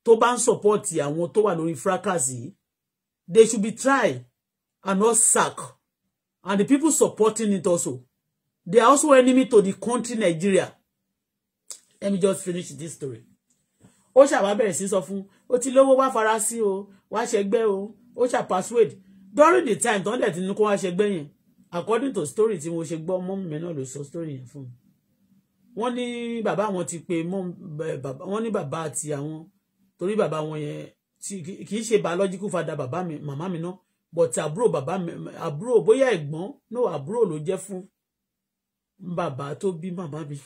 tó bá ń sọ̀pọ́ọ̀tì àwọn tó wà lórí fracas yìí they should be tried and not sacked and the people supporting it also they are also enemy to the country Nigeria let me just finish this story ó ṣàwá bẹ̀rẹ̀ sí sọ fún ó ti lówó wá fara sí o wá ṣẹgbẹ́ o ó ṣà persuade during the time tọ́ndẹ̀ tí ní kó wá ṣẹgbẹ́ yẹn according to story tí mo ṣe gbọ́ mọ́mí mi náà ló sọ story yẹn fún mi wọ́n ní bàbá wọn ti pe wọ́n ní bàbá àti àwọn torí bàbá wọn yẹn kì í ṣe biological father bàbá mi màmá mi náà but àbúrò bàbá mi àbúrò bóyá ẹ̀gbọ́n no àbúrò ló jẹ́ fún bàbá tó bí màmá mi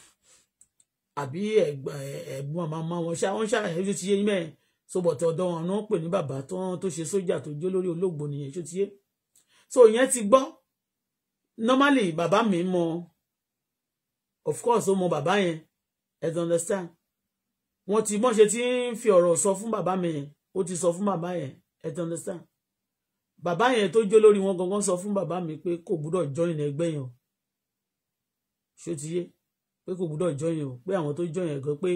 àbí ẹ̀gbọ́n àmàmà wọn ṣá wọn ṣá ẹ̀ṣọ́ ti yé mẹ́ẹ̀ sobọ̀tọ̀ ọ̀dọ́ wọn náà pè ní bàbá tó ṣe sójà tó jó lórí olóògbò nìyẹn ṣó ti so ìyẹn ti gbọ́ normally bàbá mi mọ of course ó mọ bàbá yẹn I ti understand wọn ti mọ̀ ṣe ti ń fi ọ̀rọ̀ sọ fún bàbá mi yẹn ó ti sọ fún bàbá yẹn ẹ ti understand bàbá yẹn tó jó lórí wọn gangan sọ fún bàbá mi pé kò gbúdọ̀ join ẹgbẹ́ yẹn ṣó ti yé pé kò gbúdọ̀ join o pé àwọn tó join ẹ̀ gan pé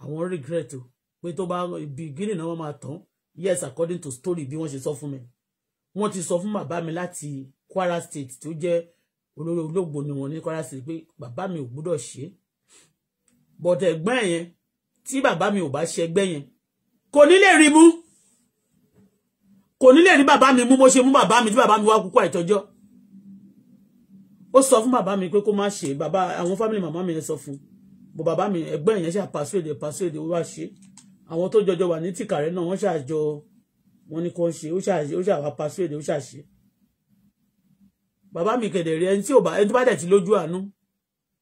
àwọn regret o pé tó bá beginning náà wọ́n máa tán yes according to story bí wọ́n ṣe sọ fún mi wọ́n ti sọ fún bàbá mi láti Kwara State tó jẹ́ olórí olóògbò ni wọ́n ní Kwara State pé bàbá mi ò gbúdọ̀ ṣe but ẹ̀gbọ́n yẹn tí bàbá mi ò bá ṣẹgbẹ́ yẹn kò ní lè rí mú kò ní lè rí bàbá mi mú mo ṣe mú bàbá mi tí bàbá mi wá kúkú àìtọ́jọ́ ó sọ fún bàbá mi pé kó má ṣe bàbá àwọn fámìlì màmá mi yẹn sọ fún bó bàbá mi ẹgbẹ́ yẹn ṣe àpàṣẹ́dé pàṣẹ́dé wá ṣe àwọn tó jọjọ wà ní tìkàrẹ́ náà wọ́n ṣàjọ wọn ni kò ń ṣe ó ṣàwà pàṣẹ́dé ó ṣàṣe bàbá mi kẹ̀dẹ̀ rí ẹni tí ò bá ẹni tó bá dẹ̀ ti lójú àánú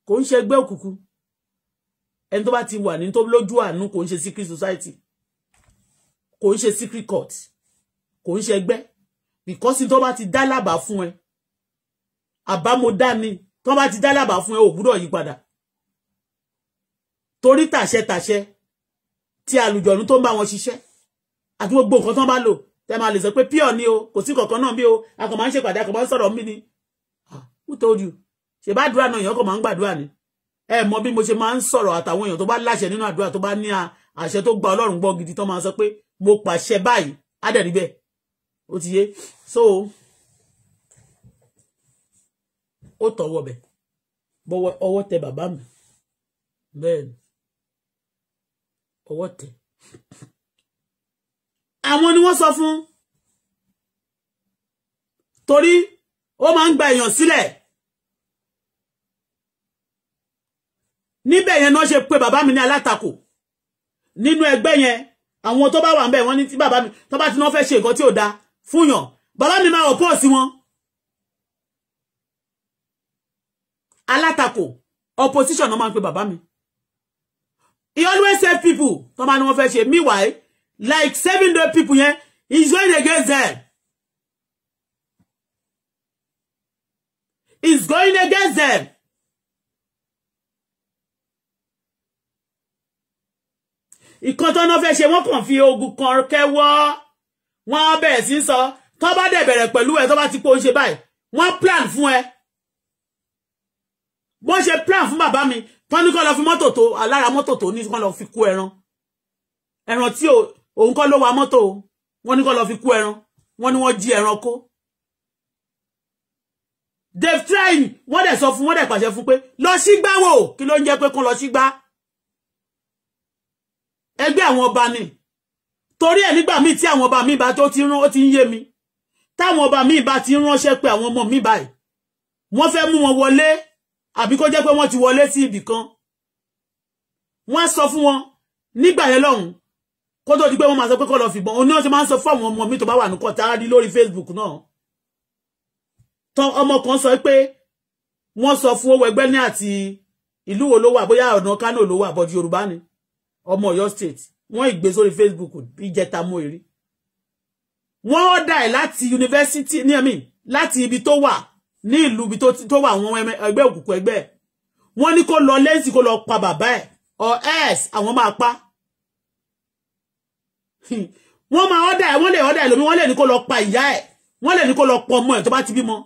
kò ń ṣe ẹgbẹ́ òkùnkùn ẹni tó bá ti wà ní tó lójú àánú kò ń ṣe secret society kò ń ṣe secret court kò ń ṣe ẹgbẹ́ because tó bá ti dá lábàá fún ẹ àbámọ̀dá mi tọ́n bá ti dá lábàá fún ẹ ò gbọ́dọ̀ yí padà torí tàṣẹ tàṣẹ tí àlùjọ̀nú tó ń bá wọn ṣiṣẹ́ àti gbogbo nǹkan tọ́n bá lò tẹ́ máa lè sọ pé pure ni o kò sí kankan náà bí o a kàn máa ń ṣèpàdé a kàn máa ń sọ̀rọ̀ mí ni ah, who told you ṣe bá àdúrà náà èèyàn kàn máa ń gbàdúrà ni ẹ mọ bí mo ṣe máa ń sọ̀rọ̀ àtàwọn èèyàn tó bá láṣẹ nínú àdúrà tó bá ní àṣẹ tó gba ọlọ́run gbọ́ gidi tán máa sọ pé mo pàṣẹ báyìí á dẹ̀ níbẹ̀ ó ti yé so ó tọwọ́ bẹ̀ bọ́wọ́ ọwọ́ tẹ bàbá mi bẹ́ẹ̀ ni ọwọ́ tẹ àwọn ni wọ́n sọ fún torí ó máa ń gba èèyàn sílẹ̀ níbẹ̀ yẹn náà ṣe pé bàbá mi ní alátakò nínú ẹgbẹ́ yẹn àwọn tó bá wà ń bẹ̀ wọ́n ní tí bàbá mi tó bá ti náà fẹ́ ṣe nǹkan tí ò da fún yàn bàbá mi máa ọ̀pọ̀ sí wọn Alatako opposition no man ń pe bàbá mi he always save people tó máa ní wọ́n fẹ́ meanwhile like saving those people yẹn he is going against them He's going against them. ìkan tó náà fẹ́ ṣe wọ́n kàn fi ogun kan kẹ́wọ́ wọ́n á bẹ̀rẹ̀ so. sọ tó bá dẹ̀ bẹ̀rẹ̀ pẹ̀lú ẹ tó bá ti pé ó ń ṣe báyìí wọ́n plan fún ẹ bọ́n ṣe plan fún bàbá mi wọ́n ní kọ́ lọ fi mọ́tò tó alára moto tó ní kọ́ lọ fi kú ẹran ẹran tí òun kọ́ ló wa moto wọ́n ní kọ́ lọ fi kú ẹran wọ́n ní wọ́n jí ẹran kó Dave Trine wọ́n dẹ̀ sọ fún wọ́n dẹ̀ pàṣẹ fún pé lọ sígbá wò kí ló ń jẹ́ pé kán lọ sígbá ẹgbẹ́ àwọn ọba ni torí ẹ̀ nígbà míì tí àwọn ọba míì bá tó ti rán ó ti ń yé mi táwọn ọba míì bá ti ránṣẹ́ pé àwọn ọmọ míì báyìí wọ́n fẹ́ mú wọn wọlé àbí kó jẹ́ pé wọ́n ti wọlé sí ibì kan wọ́n sọ fún wọn nígbà yẹn lọ́hùn kó tó di pé wọ́n máa sọ pé kó lọ fìbọn òun náà máa ń sọ fún àwọn ọmọ mi tó bá wà ní kọ́tà ní lórí Facebook náà tán ọmọ kan sọ pé wọ́n sọ fún owó ẹgbẹ́ ní àti ìlú wo ló wà bóyá ọ̀nà Kano ló wà bọ́dí Yorùbá ni ọmọ Ọ̀yọ́ state wọ́n ìgbé sórí Facebook ìjẹta mọ́ èrè wọ́n ọ̀dà ẹ̀ láti yunifásitì ní ẹ̀mí láti ibi tó wà ní ìlú ibi to wa àwọn ẹgbẹ́ òkùnkùn ẹgbẹ́ wọ́n ní kó lọ lensi kó lọ pa bàbá ẹ̀ or else àwọn ma pa wọ́n ma ọ́dà ẹ̀ wọ́n lè ọ́dà ẹ̀ lómi wọ́n lè ní kó lọ pa ìyá ẹ̀ wọ́n lè ní kó lọ pọ̀ ọmọ ẹ̀ tó bá ti bímọ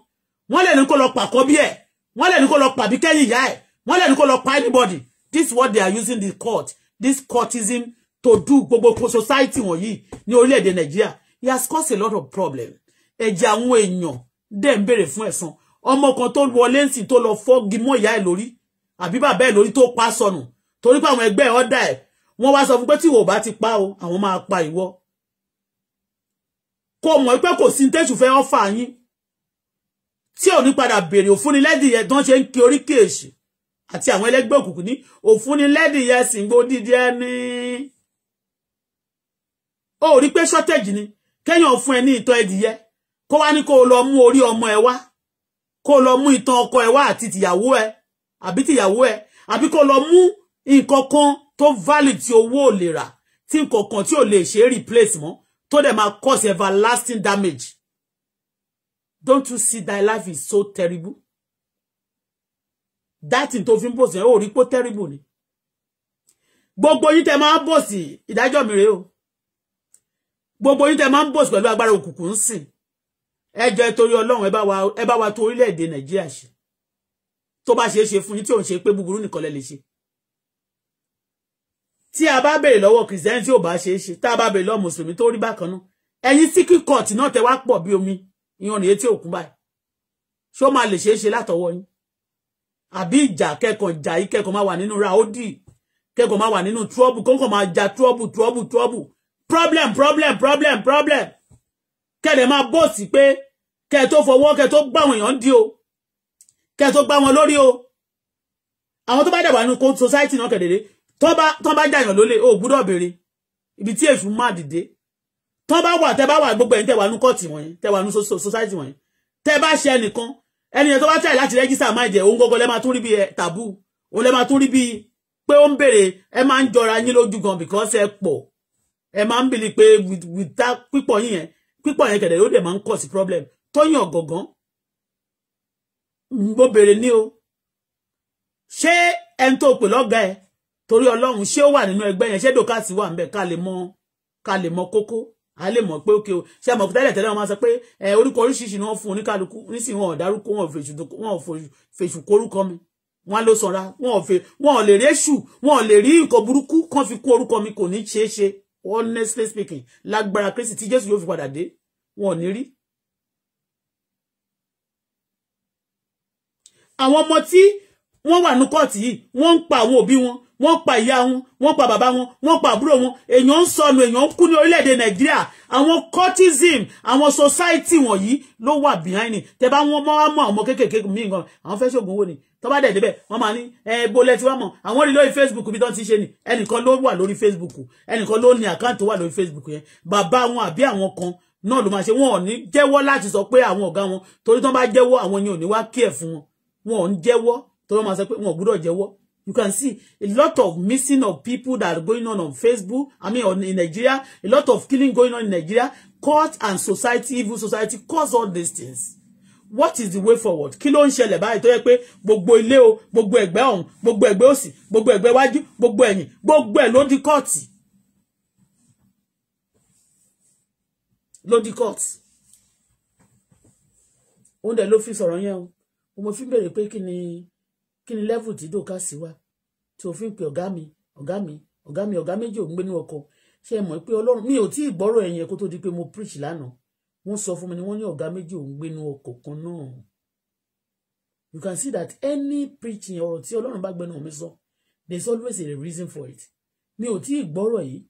wọ́n lè ní kó lọ pàkọ́ bí ẹ̀ wọ́n lè ní kó lọ pàbí kẹ́yìn ìyá ẹ̀ wọ́n lè ní kó lọ pa anybody this what they are using the court this courtism to do gbogbo society wọ̀nyí ni orílẹ̀-èdè nàìjíríà it has caused a lot of problem ẹ̀jẹ̀ àwọn èèyàn dem ń béèrè fún ọmọ kan tó wọlé ń sìn tó lọ fọ́gi mọ́ ìyá ẹ̀ lórí àbí bàbá ẹ̀ lórí tó pa sọnù torí pé àwọn ẹgbẹ́ ọ̀dà ẹ̀ wọ́n wá sọ fún pé tí ìwọ bá ti pa o àwọn máa pa ìwọ kó mọ̀ pé kò sí tẹ́sù fẹ́ ọ́fà yín tí ò ní padà béèrè òfúnnilẹ́dì yẹn tán ṣe ń kí orí kéèṣì àti àwọn ẹlẹ́gbẹ́ òkùnkùn ní òfúnnilẹ́dì yẹn sì ń gbó dídí ẹni ó rí pé shortage ni kéèyàn fún ẹ ní ìtọ́ ẹdìyẹ kó wá ní kó lọ mú orí ọmọ ẹ wá kó lọ mú ìtàn ọkọ ẹ wá àti tìyàwó ẹ àbí tìyàwó ẹ àbí kó lọ mú nǹkan kan tó valid tí owó ò lè rà tí nǹkan kan tí ò replace mọ́ tó dẹ̀ máa cause everlasting damage don't you see that life is so terrible that in tó fi ń bò sí ẹ ò terrible ni gbogbo yín tẹ́ máa ń bò sí ìdájọ́ mi rèé o gbogbo yín tẹ́ máa ń bò sí pẹ̀lú agbára òkùnkùn ẹ jẹ́ torí Ọlọ́run ẹ bá wa ẹ bá wa tó orílẹ̀-èdè Nàìjíríà ṣe tó bá ṣeé ṣe fún yín tí ò ń ṣe pé búburú nìkan lẹ lè ṣe tí a bá béèrè lọ́wọ́ kìrìsìtẹ́nì tí ò bá ṣeé ṣe tá a bá béèrè lọ́wọ́ mùsùlùmí tó rí bákan náà ẹ̀yin síkì kọ́ọ̀tì náà tẹ wá pọ̀ omi ìyọ̀n rèé tí òkun báyìí ṣó máa lè ṣeé ṣe látọwọ́ yín àbí ìjà kẹ́kọ̀ọ́ ìjà yìí kẹ́kọ̀ọ́ máa wà nínú raodi kẹ́kọ̀ọ́ máa wà nínú trọ́bù kọ́kọ̀ máa ja trọ́bù trọ́bù trọ́bù problem problem problem problem kẹ́lẹ̀ máa bọ́ọ̀sì pé kẹ́ tó fọwọ́ kẹ́ tó gbá àwọn èèyàn dí o kẹ́ tó gbá wọn lórí o àwọn tó bá dàgbà nínú kó society náà kẹ̀dẹ̀dẹ̀ tó bá jàyàn lólè o gbúdọ̀ béèrè ibi tí èṣù máa dìde tó bá wà tẹ́ bá wà gbogbo ẹ̀yin tẹ́ wà nú kọ́ọ̀tì wọ̀nyí tẹ́ wà nú society wọ̀nyí tẹ́ bá ṣe ẹnìkan ẹni yẹn tó bá tẹ̀ láti rẹ́gísà máa jẹ òun gọ́gọ́ lẹ́ máa tún rí bí tàbú òun lẹ́ máa tún rí bí pé ó ń béèrè ẹ máa ń jọra yín lójú gan because ẹ pọ̀ ẹ máa ń bìlì pé pípọ̀ yín yẹn pípọ̀ yẹn kẹ̀dẹ̀ yóò dẹ̀ máa ń cause problem Tóyìn Ọ̀gọ̀gán mo béèrè ní o ṣé ẹni tó pè lọ́gàá ẹ̀ torí Ọlọ́run ṣé ó wà nínú ẹgbẹ́ yẹn ṣé dòkàtì wà ńbẹ̀ ká lè mọ ká lè mọ kókó a lè mọ̀ pé ókè o ṣe àmọ̀ tẹ́lẹ̀ tẹ́lẹ̀ wọn máa sọ pé ẹ orúkọ oríṣiríṣi ni wọ́n fún oníkálukú nísìnyí wọn ò dárúkọ wọn ò fèṣù kórúkọ mi wọn ló sanra wọn ò fè wọn ò lè rí èṣù wọn ò lè rí nǹkan burúkú kan fi kó orúkọ mi kò ní ṣeé honestly speaking lágbára kristi tí jésù yóò fi padà dé wọn ò ní rí àwọn ọmọ tí wọ́n wà ní kọ́ọ̀tì yìí wọ́n ń pa àwọn òbí wọn wọ́n pa ìyá wọn wọ́n pa bàbá wọn wọ́n pa àbúrò wọn èèyàn ń sọnù èèyàn ń kú ní orílẹ̀-èdè nàìjíríà àwọn cultism àwọn society wọ̀nyí ló wà behind ni tẹ bá wọn máa mọ àwọn ọmọ kéékèèké mi nǹkan àwọn fẹ́ ṣoògùn owó ni tó bá dẹ̀ débẹ̀ wọ́n máa ní bolẹ̀ tí wọ́n mọ̀ àwọn rí lórí facebook bí tó ti ṣe ni ẹnìkan ló wà lórí facebook ẹnìkan ló ní àkáǹtì wà lórí facebook yẹn bàbá wọn àbí àwọn kan náà ló máa ṣe wọn ò ní jẹ́wọ́ láti sọ pé àwọn ọ̀gá wọn torí tó bá jẹ́wọ́ àwọn yẹn ò ní wá kí ẹ̀ fún wọn wọn ò ń jẹ́wọ́ tó wọ́n máa sọ pé you can see a lot of missing of people that are going on on Facebook I mean on in Nigeria a lot of killing going on in Nigeria court and society evil society cause all these things what is the way forward kí ló ń ṣẹlẹ̀ báyìí tó yẹ pé gbogbo ilé o gbogbo ẹ̀gbẹ́ ọ̀hún gbogbo ẹ̀gbẹ́ òsì gbogbo ẹ̀gbẹ́ iwájú gbogbo ẹ̀yìn gbogbo ẹ̀ ló di kọ́ọ̀tì ló di kọ́ọ̀tì ó dẹ̀ ló fi sọ̀rọ̀ yẹn o mo fi ń béèrè pé kí ni kí ni level tí dòka sí wa tí o fi ń pe ọ̀gá mi ọ̀gá mi ọ̀gá mi ọ̀gá méjì ò ń gbénú ọkọ̀ ṣe é mọ̀ pé ọlọ́run mi ò tí ì gbọ́rọ̀ ẹ̀yẹn kó tó di pé mo preach lánàá wọ́n sọ fún mi ni wọ́n ní ọ̀gá méjì ò ń gbénú ọkọ̀ kan náà you can see that any preaching ọ̀rọ̀ tí ọlọ́run bá gbẹnu mi sọ there is always a reason for it mi ò tí ì gbọ́rọ̀ yìí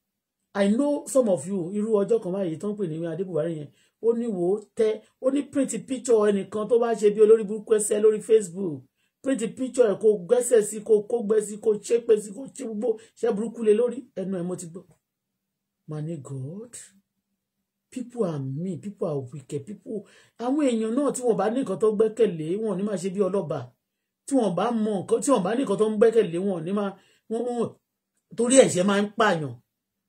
i know some of you irú ọjọ́ kan báyìí tó pè ní adébùwárí yẹn ó ní wò ó tẹ ó ní print picture ẹnìkan tó bá ṣe bí olórí burúkú ẹsẹ lórí Facebook print picture ẹ kó gbẹ́sẹ̀ sí kó kó gbẹ́ sí kó ṣépè sí kó ṣe gbogbo ṣe burúkú lé lórí ẹnu ẹ mo ti gbọ́. mani God people are mean people are wicked people àwọn èèyàn náà tí wọ́n bá ní nǹkan tó gbẹ́kẹ̀lé wọn ò ní máa ṣe bí ọlọ́ba tí wọ́n bá mọ nǹkan tí wọ́n bá ní nǹkan tó ń gbẹ́kẹ̀lé wọn ò ní máa wọn torí ẹ̀ṣẹ̀ máa ń pààyàn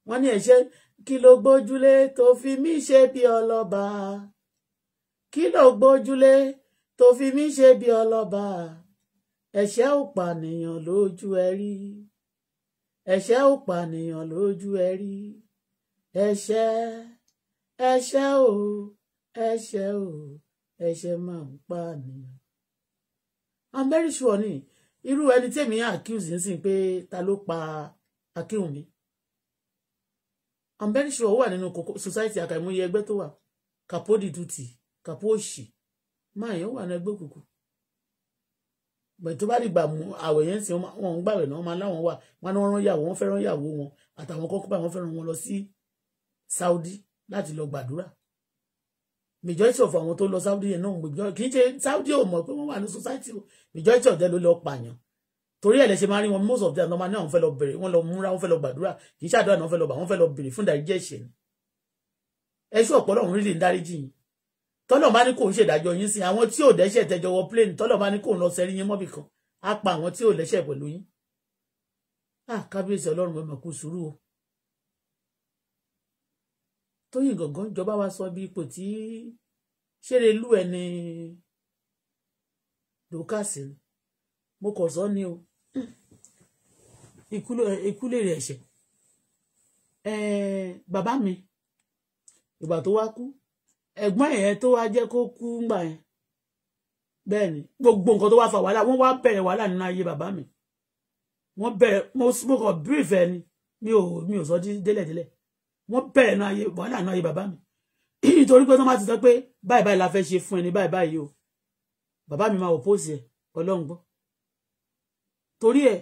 wọ́n ní ẹ̀ṣẹ̀ kí ló gbójúlé tó fi mí ṣe bí ọlọ́ba kí ló gbójúlé tó fi mí ṣe bí ọlọ́ba ẹ̀ṣẹ̀ ò pànìyàn lójú ẹ rí ẹ̀ṣẹ̀ ò pànìyàn lójú ẹ rí ẹ̀ṣẹ̀ ẹ̀ṣẹ̀ ò ẹ̀ṣẹ̀ ò ẹ̀ṣẹ̀ máa ń pànìyàn. I'm ni irú ẹni tèmi accuse nísìnyí pé ta ló pa akínwùmí i'm very sure ó wà nínú society àkàìmọye ẹgbẹ́ tó wà kàpó dìdútì kàpó òṣì máa yẹn ó wà ní ẹgbẹ́ òkùnkùn bẹ̀tọ́ bá dìgbà mú àwẹ̀ yẹn sì wọ́n ń gbàwẹ̀ náà máa láwọn wà wọn ni wọ́n rán yàwó wọn fẹ́ràn yàwó wọn àtàwọn kọ́kọ́ bá wọn fẹ́ràn wọn lọ sí Saudi láti lọ gbàdúrà majority of àwọn tó lọ Saudi yẹn náà kì í ṣe Saudi ò mọ̀ pé wọ́n wà ní society o majority of them ló lọ pààyàn torí ẹ̀ lè ṣe máa rí wọn most of them normal náà wọ́n fẹ́ lọ bèrè wọ́n lọ múra wọ́n fẹ́ lọ gbàdúrà kì í ṣàdúrà náà fẹ́ lọ gbà wọ́n fẹ́ lọ bèrè fún ìdáríjì ẹ̀ṣẹ̀ ni ẹṣú ọ̀pọ̀ lọ́run rí lè ń dáríjì yín tọ́lọ̀ bá ní kò ń ṣèdájọ́ yín sí àwọn tí ò dẹ́ṣẹ̀ tẹjọ wọ plane tọ́lọ̀ bá ní kò ń lọ sẹ́rí yín mọ́bì kan á pa àwọn tí ò dẹ́ṣẹ̀ pẹ̀lú yín ah kábíyèsí ọlọ́run mọ̀ mọ̀ kú sùúrù o tóyìn gangan jọba wa sọ bí ipò tí ṣeré lú ẹni dòkásì mo kọ̀ sọ ni o ikú lèrè ẹ̀ṣẹ̀ bàbá mi ìgbà tó wá kú ẹ̀gbọ́n ẹ̀ tó wá jẹ́ kó kú ńgbà yẹn bẹ́ẹ̀ ni gbogbo nǹkan tó wá fa wàhálà wọ́n wá bẹ̀rẹ̀ wàhálà nínú ayé bàbá mi wọ́n bẹ̀rẹ̀ mo kàn brief ẹ ni mi ò mi ò sọ délẹ̀délẹ̀ wọ́n bẹ̀rẹ̀ nínú ayé wàhálà nínú ayé bàbá mi nítorí pé wọ́n máa ti sọ pé báyìí báyìí la fẹ́ ṣe fún ẹni báyìí báyìí o bàbá mi máa wò pósì ẹ ọlọ́run gbọ́ torí ẹ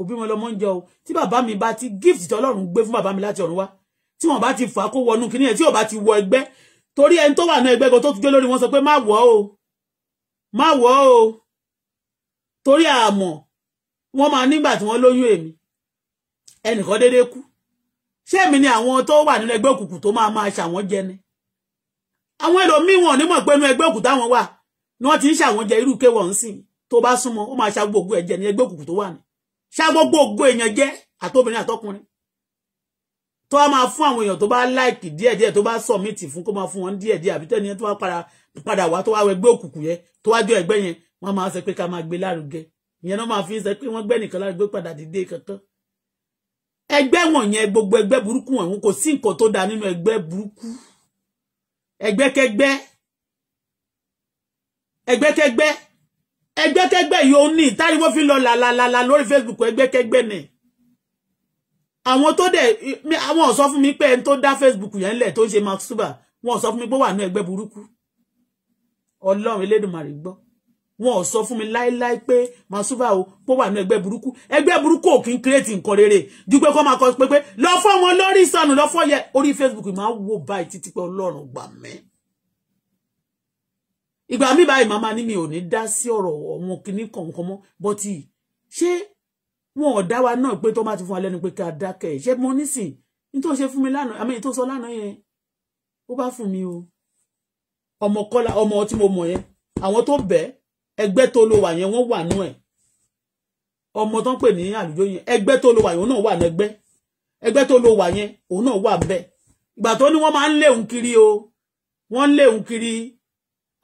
òbí wọn lọmọ ń jẹ o tí bàbá mi bá ti gift tí ọlọ́run gbé fún bàbá mi láti ọ̀run wá tí wọn bá ti fà á kó wọnú kinní yẹn tí ò bá ti wọ ẹgbẹ́ torí ẹni tó wà ní ẹgbẹ́ kan tó ti dé lórí wọn sọ pé má wọ̀ o má wọ̀ o torí àmọ̀ wọn máa nígbà tí wọ́n lóyún èmi ẹnìkan déédéé kú ṣé èmi ni àwọn tó wà nínú ẹgbẹ́ òkùnkùn tó máa máa ṣàwọn jẹ ni àwọn ẹlòmíì wọn nímọ̀ pé inú ẹgbẹ́ òkùnkùn táwọn wà ni wọ́n ti ń ṣàwọn jẹ irú kéwọ̀n ń sìn tó bá súnmọ́ ó máa ṣàgbogbo ẹ̀jẹ̀ ní ẹgbẹ́ òkùnkùn tó wà ní ṣá gbogbo ògo èèyàn jẹ́ àtobìnrin àtọkùnrin tó a máa fún àwọn èèyàn tó bá láìkì díẹ̀díẹ̀ tó bá sọ̀mìtì fún kó máa fún wọn díẹ̀díẹ̀ àbí tẹ́ni tó wá padà wá tó wá ẹgbẹ́ òkùnkùn yẹn tó wájú ẹgbẹ́ yẹn wọ́n máa sọ pé ká máa gbé lárugẹ ìyẹn náà máa fi ń sọ pé wọ́n gbẹ́ nìkan lárugẹ padà dìde kankan. ẹgbẹ́ wọ̀nyẹn gbogbo ẹgbẹ́ burúkú wọ̀nyẹn kò sí nǹkan tó dáa nínú ẹgbẹ́ burúkú ẹgbẹ́kẹ́gbẹ́ ẹgbẹ́kẹ́gbẹ́ ẹgbẹ́kẹ́gbẹ́ yìí ó ní táriwo fi lọ làlàlà lórí Facebook ẹgbẹ́kẹ́gbẹ́ ni àwọn tó dẹ̀ àwọn ò sọ fún mi pé ẹni tó dá Facebook yẹn lẹ̀ tó ń ṣe Mark Suba wọn ò sọ fún mi pé ó wà ní ẹgbẹ́ burúkú Ọlọ́run Elédùmarè gbọ́ wọn ò fún mi láíláí pé Mark Suba o pé ó wà ní ẹgbẹ́ burúkú ẹgbẹ́ burúkú ò kí ń kírètì nǹkan rere ju pé kó máa kọ pé pé lọ wọn lórí ìsọnù lọ yẹ orí Facebook máa ń wo báyìí títí pé Ọlọ́run gbà mẹ́ẹ́ ìgbà mi báyìí màmá ní mi ò ní dá sí ọ̀rọ̀ ọmọ kìíní kọ̀ọ̀kan mọ́ bọ́tì ṣé wọn ò wa náà pé tó bá ti fún wa lẹ́nu pé ká dákẹ́ ṣé mo nísìn nítorí ṣe fún mi lánàá àmì tó sọ lánàá yẹn ó bá fún mi o ọmọ kọ́lá ọmọ tí mo mọ̀ yẹn àwọn tó bẹ̀ ẹgbẹ́ tó lo wà yẹn wọ́n wà nú ẹ̀ ọmọ tó ń pè ní àlùjọ yẹn ẹgbẹ́ tó lo wà yẹn òun náà wà nẹgbẹ́ ẹgbẹ́ tó lo wà yẹn òun náà wà bẹ́ẹ̀ ìgbà tó ní wọ́n máa ń lé kiri o wọ́n ń lé kiri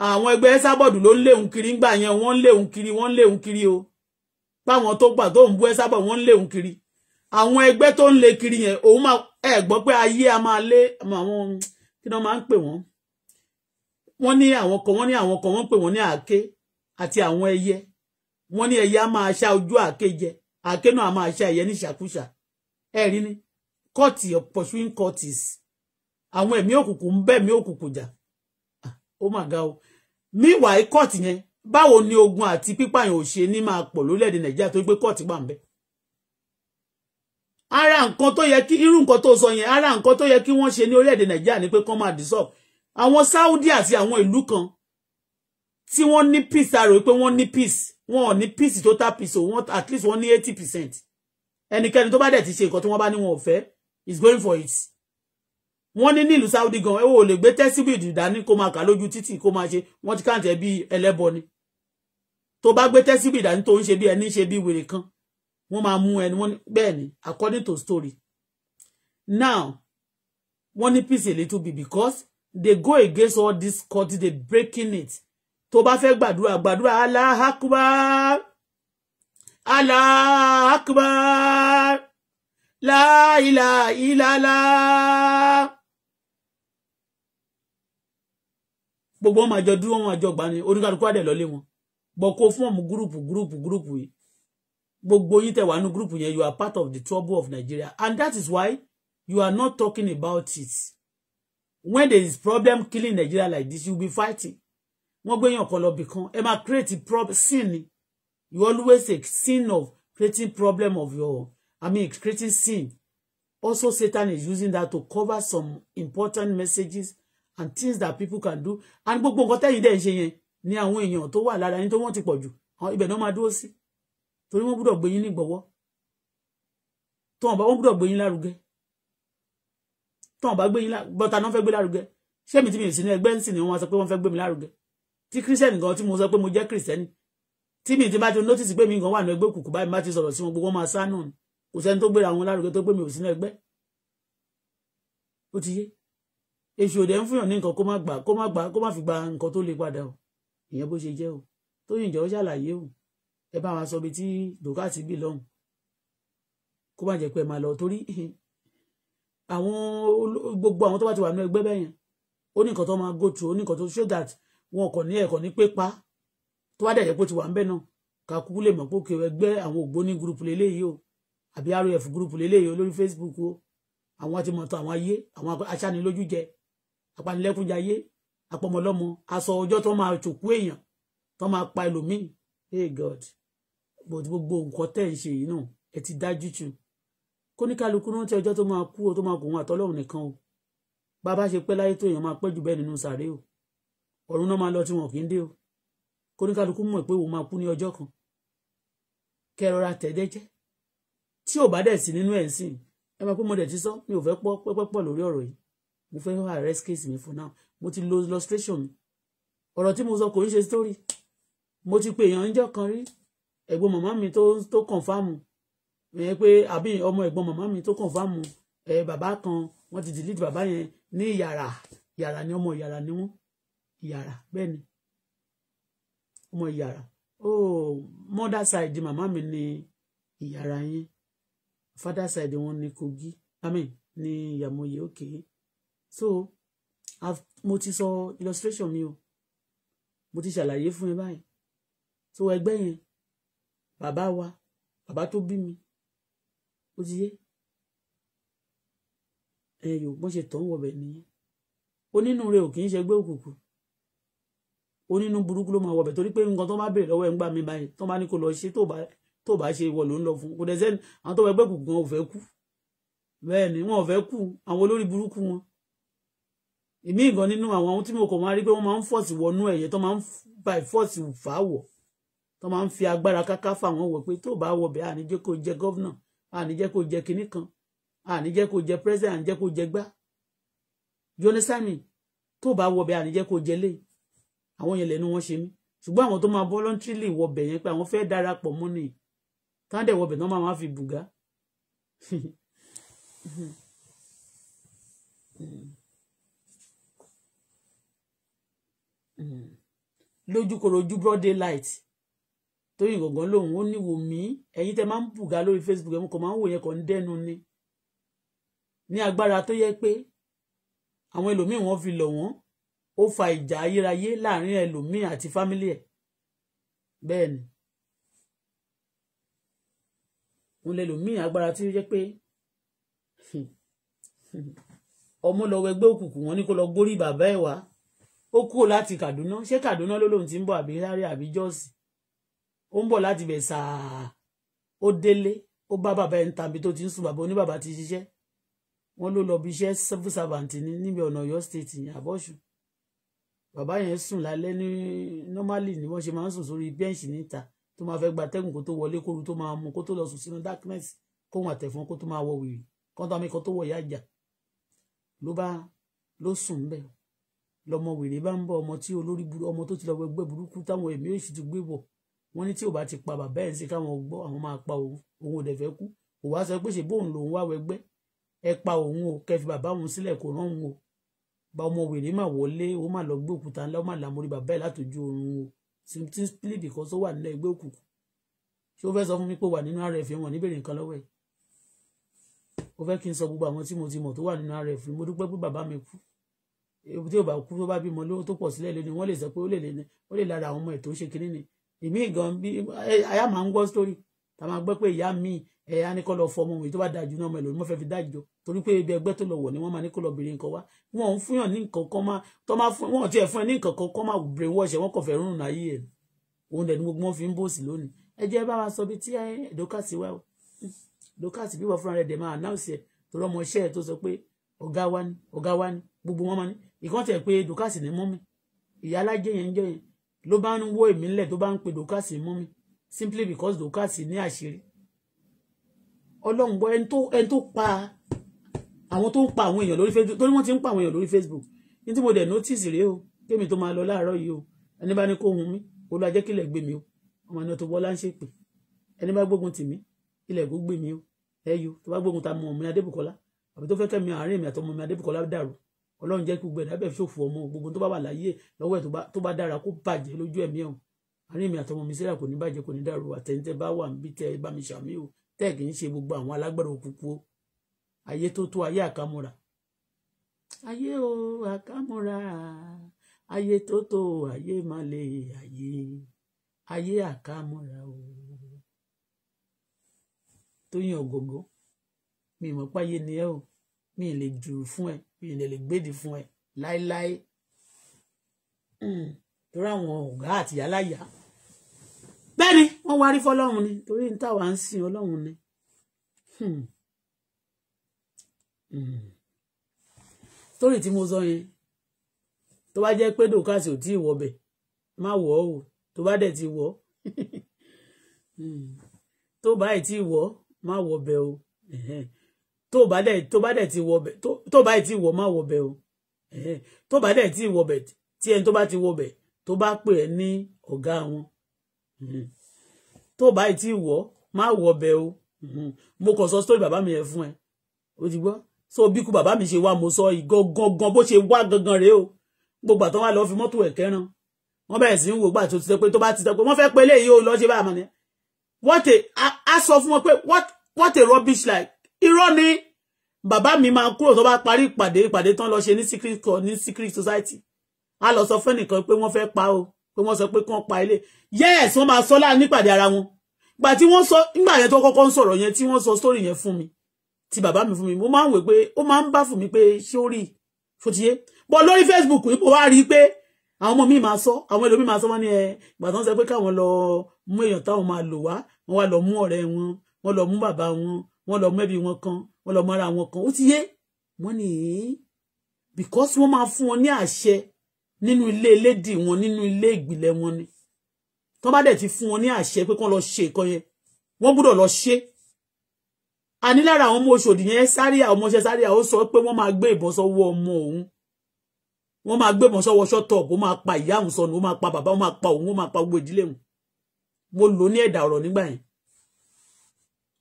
àwọn ẹgbẹ́ ẹ́sàbọ̀dù ló ń léhun kiri ńgbà yẹn wọ́n ń léhun kiri wọ́n ń léhun kiri o báwọn tó gbà tó ń bú ẹ́sàbọ̀ wọ́n ń léhun kiri àwọn ẹgbẹ́ tó ń lé kiri yẹn òun máa ẹ gbọ́ pé ayé a máa lé àwọn kí wọ́n máa ń pè wọ́n wọ́n ní àwọn kan wọ́n ní àwọn kan wọ́n pè wọ́n ní àáké àti àwọn ẹyẹ wọ́n ní ẹyẹ a máa ṣá ojú àáké jẹ àáké náà a máa ṣá ẹyẹ ní ṣàkúṣà ẹ rí ni kọ́ọ̀tì pursuing courts àwọn ẹ̀mí òkùnkùn ń bẹ̀mí òkùnkùn jà ó mà ga o meanwhile court yẹn báwo ni ogun àti pípààyàn ò ṣe ní máa pọ̀ lórílẹ̀‐èdè nàìjíríà tó gbé court wà ń bẹ̀ ara nǹkan tó yẹ kí irú nǹkan tó sọ yẹn ara nǹkan tó yẹ kí wọ́n ṣe ní orílẹ̀‐èdè nàìjíríà ni pé kán máa dissolve àwọn saudi àti àwọn ìlú kan tí wọ́n ní peace a rò pé wọ́n ní peace wọn ò ní peace total peace o wọ́n at least wọ́n ní eighty percent ẹnikẹ́ni tó bá dẹ̀ ti ṣe nǹkan tí wọ́n bá ní wọn ò fẹ́ is going for it wọ́n ní nílùú Saudi gan ẹ ò lè gbé tẹ́síbìdì dání kó máa kà lójú títì kó máa ṣe wọ́n ti káǹtẹ̀ bí ẹlẹ́bọ ni tó bá gbé tẹ́síbìdì dání tó ń ṣe bí ẹni ṣe bí wèrè kan wọ́n máa mú ẹni wọ́n bẹ́ẹ̀ ni according to story now wọ́n ní peace a little bit because they go against all this court they breaking it tó bá fẹ́ gbàdúrà gbàdúrà Allah akbar Allah akbar la ilaha illallah. gbogbo wọn máa jọ dúró wọn máa jọ oníkàlùkù àdẹ lọlé wọn bọ kó fọ́ọ̀mù gúrùpù gúrùpù gúrùpù yìí gbogbo yín tẹ́ wà gúrùpù yẹn you are part of the trouble of Nigeria and that is why you are not talking about it when there is problem killing Nigeria like this you be fighting wọ́n gbé yàn kọ lọ bìkan ẹ máa create problem sin you always a sin of creating problem of your I mean creating sin also Satan is using that to cover some important messages and things that people can do and gbogbo nǹkan tẹ́yìn dẹ̀ ń ṣe yẹn ni àwọn èèyàn tó wà lára yín tó wọ́n ti pọ̀ jù ibẹ̀ náà máa dúró sí torí wọ́n gbúdọ̀ gbé yín ní gbọ́wọ́ tó wọn bá wọn gbúdọ̀ gbé yín lárugẹ tó wọn bá gbé yín lárugẹ bọ́tà náà fẹ́ gbé lárugẹ ṣé mi ti mi sínú ẹgbẹ́ ń sìn ni wọ́n sọ pé wọ́n fẹ́ gbé mi lárugẹ tí kírísítẹ́nì gan tí mo sọ pé mo jẹ́ kírísítẹ́nì tí mi ti bá ti notice pé mi gan wà ní ẹgbẹ́ òkùnkùn báyìí má ti sọ̀rọ̀ sí wọn gbogbo máa sá náà kò sẹ́ni tó gbéra wọn lárugẹ tó gbé mi ò sínú ẹgbẹ́ ó ti yé èṣù òde ń fúnyàn ní nǹkan kó má gbà kó má gbà kó má fi gba nǹkan tó le padà o ìyẹn bó ṣe jẹ́ o Tóyìn jọ̀ọ́ ṣàlàyé o ẹ bá wa sọ ibi tí dòkàtì bì lọ́hùn kó má jẹ́ pé ẹ máa lọ torí àwọn gbogbo àwọn tó bá ti wà nínú ẹgbẹ́ bẹ́yẹn ó ní nǹkan tó máa go through ó ní nǹkan tó show that wọn kò ní ẹ̀kọ́ ní pé pa tó bá dẹ̀jẹ̀ pé ó ti wà ń bẹ̀ náà ká kúkú lè mọ̀ pé òkè ẹgbẹ́ àwọn ògbóni gúrùpù lélẹ́yìí o àbí rf gúrùpù lélẹ́yìí o lórí Facebook o àwọn ti mọ̀ tán àwọn ayé àwọn aṣánilójú jẹ apanilẹ́kúnjayé apọmọlọ́mọ aṣọ ọjọ́ tó máa tòkú èèyàn tó máa pa ẹlòmíì hey god but gbogbo nǹkan tẹ́ ń ṣe yìí náà ẹ ti dájú jù kóníkálukú rántí ọjọ́ tó máa kú o tó máa kò wọn àtọ́lọ́run nìkan o bàbá ṣe pẹ́ láyé tó èèyàn máa pẹ́ jù bẹ́ẹ̀ nínú sàárè o ọ̀run náà máa lọ tí wọn kì í dé o kóníkálukú mọ̀ pé òun máa kú ní ọjọ́ kan kẹrọra tẹ̀dẹ́jẹ́ tí ò bá dẹ̀ sí nínú ẹ̀ ń sìn ẹ máa pé mo dẹ̀ ti sọ mi ò fẹ́ pọ́ pẹ́pẹ́pọ̀ lórí ọ̀rọ̀ yìí mo fẹ́ rest case mi for now mo ti lo illustration mi ọ̀rọ̀ tí mo sọ kò ń ṣe story mo ti pe èèyàn ńjọ́ kan rí ẹ̀gbọ́n màmá mi tó tó confam ẹ̀ pé àbí ọmọ ẹ̀gbọ́n màmá mi tó confam ẹ̀ bàbá kan wọ́n ti delete bàbá yẹn ní yàrá yàrá ni ọmọ yàrá ni wọ́n yàrá bẹ́ẹ̀ ni ọmọ yàrá oh mother side màmá mi ni ìyàrá yẹn father side wọn ni Kogi Amen ni Ìyàmọ̀yè òkè. Okay so I've, mo ti sọ illustration mi o mo ti ṣàlàyé fún ẹ báyìí so ẹgbẹ́ yẹn bàbá wa bàbá tó bí mi ó ti yé ẹ yòó bó ṣe tọ́ ń wọ̀bẹ̀ nìyẹn onínúure ò kì í ṣẹgbẹ́ òkùnkùn onínú burúkú ló máa wọ̀bẹ̀ torí pé nǹkan tó bá béèrè lọ́wọ́ ẹ̀ ń gbà mí báyìí tó bá ní kó lọ ṣe tó bá tó bá ṣe ìwọ ló ń lọ fún kò dẹ̀ sẹ́ni àwọn tó bá ẹgbẹ́ òkùnkùn wọn ò fẹ́ kú bẹ́ẹ̀ ni wọn ò fẹ́ kú àwọn olórí burúkú wọn ìmí ìgan nínú àwọn ohun tí mo kàn máa rí pé wọ́n máa ń fọ́ọ̀sì wọnú ẹ̀yẹ tó máa ń ba ìfọ́ọ̀sì fà á wọ̀ tó máa ń fi agbára káká fà wọ́n wọ̀ pé tó bá wọ̀ bẹ́ẹ̀ àní jẹ́ kó jẹ gọ́vnà àní jẹ́ kó jẹ kinní kan àní jẹ́ kó jẹ president àní kó jẹ gbá you understand tó bá wọ̀ bẹ́ẹ̀ àní kó jẹ lé àwọn yẹn lẹ́nu wọn ṣe mí ṣùgbọ́n àwọn tó máa voluntarily wọ̀ bẹ̀ yẹn pé àwọn fẹ́ darapọ̀ mọ́ ni táwọn dẹ̀ bẹ̀ náà máa fi bùgá. Mm. lójúkorojú broad daylight torí ìgbọ̀ngàn lòun ó ní wò mí ẹ̀yin tẹ́ máa ń bùgá lórí facebook ẹ̀ mo kàn máa ń wò yẹn kàn ń dẹ́nu ni ní agbára tó yẹ pé àwọn ẹlòmíì wọ́n fi lọ̀ wọ́n ó fa ìjà ayérayé láàrin ẹlòmíì àti fámílì ẹ̀ bẹ́ẹ̀ ni òun lẹlòmíì agbára tí ó yẹ pé hmm, hmm, ọmọ lọ wẹgbẹ́ òkùnkùn wọ́n ní kó lọ gbórí bàbá ẹ̀ wá ó kúrò láti Kaduna ṣé Kaduna ló lóun ti ń bọ̀ àbí sáré àbí jọ́ọ̀sì ó ń bọ̀ láti bẹ̀ sàá ó délé ó bá bàbá ẹni tàbí tó ti ń sùn bàbá oníbàbá ti ṣiṣẹ́ wọ́n ló lọ bí iṣẹ́ civil servant ní níbi ọ̀nà Ọ̀yọ́ state ní àbọ̀ṣù bàbá yẹn sùn lálẹ́ ní normally ni wọ́n ṣe máa ń sùn sórí bẹ́ǹṣì níta tó máa fẹ́ gba tẹ́gùn kó tó wọlé kóru tó máa mú kó tó lọ sùn sínú darkness kóhun àtẹ̀fọn kó tó máa wọ wìrì kọ́ńtà mi kan tó wọ̀ yájà ló bá ló sùn bẹ́ẹ̀ lọmọ wèrè bá ń bọ ọmọ tí olórí burú ọmọ tó ti lọ gbẹgbẹ burúkú táwọn èmi èṣù ti gbé bọ̀ wọn ní tí ò bá ti pa bàbá ẹ̀ ń sí káwọn gbọ́ àwọn máa pa òun òun ò dẹ̀ fẹ́ kú kò wá sọ pé ṣe bóun lòun wá wẹgbẹ́ ẹ pa òun o kẹfì bàbá òun sílẹ̀ kò rán òun o bá ọmọ wèrè mà wọlé ó mà lọ gbé òkúta ńlá ó mà làmórí bàbá ẹ̀ látòjú oorun o tí ń split because wà nínú ẹgbẹ́ òkùnkùn ṣé ó fẹ́ sọ fún mi pé wà nínú rf wọn níbèrè nǹkan lọ́wọ́ ẹ̀ ó fẹ́ kí n sọ gbogbo àwọn tí mo ti mọ̀ tó wà nínú rf mo dúpẹ́ pé bàbá mi kú tí ò bá kú tó bá bímọ lówó tó pọ̀ sílẹ̀ lónìí wọ́n lè sọ pé ó lè lè ní ó lè lára àwọn ọmọ ẹ̀ tó ṣe kínní ni èmi gan bí aya máa ń gbọ́ sítórì tá a máa gbọ́ pé ìyá mi ẹ̀yà ní kó lọ fọ ọmọ mi tó bá dájú náà ọmọ ẹlòmí wọ́n fẹ́ fi dájọ́ torí pé ibi ẹgbẹ́ tó lọ wọ̀ ni wọ́n máa ní kó lọ bèrè nǹkan wá wọn ò fúnyàn ní nǹkan kan máa tó máa fún wọn tiẹ̀ fún ẹ ní nǹkan kan kọ́ máa brain wash ẹ̀ wọ́n kàn fẹ́ rún náà yí ẹ̀ òun dẹ̀ ni gbogbo wọn fi ń bòsì lónìí ẹ jẹ́ bá wa sọ bí tí dókàsì wá o bí wọ́n fúnra rẹ̀ dẹ̀ máa announce ẹ̀ tó lọ́mọ iṣẹ́ ẹ̀ tó sọ pé ọ̀gá wa ni ọ̀gá wa ni gbogbo wọn máa ní ìkọ́ tẹ̀ pé dùkásì ní mọ́mí ìyá alájẹ yẹn ń jẹ́ yẹn ló bá ń wọ́ èmi ńlẹ̀ tó bá ń pe dùkásì ní mọ́mí simply because dùkásì ní àṣírí ọlọ́run gbọ́ ẹni tó pa àwọn tó ń pa àwọn èèyàn lórí facebook torí wọ́n ti ń pa àwọn èèyàn lórí facebook ní tí mo dẹ̀ notice rèé o kémi tó máa lọ láàárọ̀ yìí o ẹni bá ní kó hun mí kó lọ ajẹ́kílẹ̀ gbé mi o ọmọ iná tó bọ́lá ń ṣèpè ẹni bá gbógun tì mí ilẹ̀ kó gbé mi o ẹyọ tó bá gbógun ta mọ ọmọ mi adébùkọ́lá àbí tó fẹ́ kẹ́mi àárín mi àtọmọ mi adébùkọ́lá dàrú ọlọ́run jẹ́ kí gbogbo ẹ̀dá bẹ̀ ṣòfò ọmọ gbogbo tó bá wà láyé lọ́wọ́ ẹ̀ tó bá dára kó bàjẹ́ lójú ẹ̀mí ọ̀hún àárín mi àtọmọ mi sílẹ̀ kò ní bàjẹ́ kò ní dàrú àtẹ̀ǹtẹ̀ bá wà níbi tẹ́ ẹ bá mi ṣàmì o tẹ́ ẹ̀ kì í ṣe gbogbo àwọn alágbára òkùnkùn o ayé tó tó ayé àkámúra ayé o àkámúra ayé tó tó ayé má lè ayé ayé àkámúra o Tóyìn Ògògó mi mọ̀ páyé ni ẹ o mi lè jù fún ẹ ìrìnlẹ̀ lè gbèdì fún ẹ láéláé hmm. torí àwọn ọ̀gá àti aláya bẹ́ẹ̀ ni wọ́n wá rí fọlọ́run ni torí ní táwa ń sìn ọlọ́run ni. Hmm. Hmm. torí tí mo sọ yẹn tó bá jẹ́ pé dòkásì ò tí ì wọbẹ̀ má wọ̀ ọ́ o tó bá dẹ̀ ti wọ̀ tó bá ì tí ì wọ̀ má wọbẹ̀ o tó bá dẹ̀ tó bá dẹ̀ ti wọbẹ̀ tó bá ti wọ̀ má wọbẹ̀ o tó bá dẹ̀ ti wọbẹ̀ tí ẹni tó bá ti wọbẹ̀ tó bá pè ẹ́ ní ọ̀gá wọn tó bá ti wọ̀ má wọbẹ̀ o mo kàn sọ story bàbá mi yẹn fún ẹ o ti gbọ́ so bí ikú bàbá mi ṣe wá mo sọ gangan bó ṣe wá gangan rèé o gbogbo àtọ́ wa lọ fi mọ́tò ẹ̀ kẹ́ran wọ́n bẹ̀rẹ̀ sí ń wò gbà ti sọ pé tó bá ti sọ pé wọ́n fẹ́ pé eléyìí ó lọ ṣe báyìí mọ́ ni what a a sọ fún wọn what what a rubbish like irony bàbá mi máa kúrò tó bá parí ìpàdé ìpàdé tán lọ ṣe ní secret ní secret society a lọ sọ fẹ́nìkan pé wọ́n fẹ́ pa o pé wọ́n sọ pé kí wọ́n pa ilé yes wọ́n máa sọ láàrin nípàdé ara wọn gbà tí wọ́n sọ nígbà yẹn tó kọ́kọ́ ń sọ̀rọ̀ yẹn tí wọ́n sọ story yẹn fún mi ti bàbá mi fún mi mo máa ń wè pé ó máa ń bá fún mi pé ṣé ó rí fotiye bọ́ lórí Facebook ipò wá rí i pé àwọn ọmọ mi máa sọ àwọn ẹlòmíì máa sọ wọn ní ẹ ìgbà tó ń sọ pé káwọn lọ mú èèyàn táwọn máa lò wá wọn wá lọ mú ọ̀rẹ́ wọn wọn lọ mú bàbá wọn wọ́n lọ mẹ́bí wọn kan wọ́n lọ mọ́ra wọn kan ó ti yé wọ́n nìyí because wọ́n máa fún wọn ní àṣẹ nínú ilé elédì wọn nínú ilé ìgbìlẹ̀ wọn ni tọ́ bá dẹ̀ ti fún wọn ní àṣẹ pé kán lọ ṣe nǹkan yẹn wọ́n gbọ́dọ̀ lọ ṣe a ní lára àwọn ọmọ Òṣòdì yẹn sáríà ọmọọṣẹ sáríà ó sọ pé wọ́n máa gbé ìbọn sọ́wọ́ ọmọ òun wọ́n máa gbé ìbọn sọ́wọ́ ṣọ́tọ̀ọ̀bù ó máa pa ìyá òun sọnù ó máa pa bàbá ó máa pa òun ó máa pa gbogbo ìdílé òun mo lò ní ẹ̀dà ọ̀rọ̀ nígbà yẹn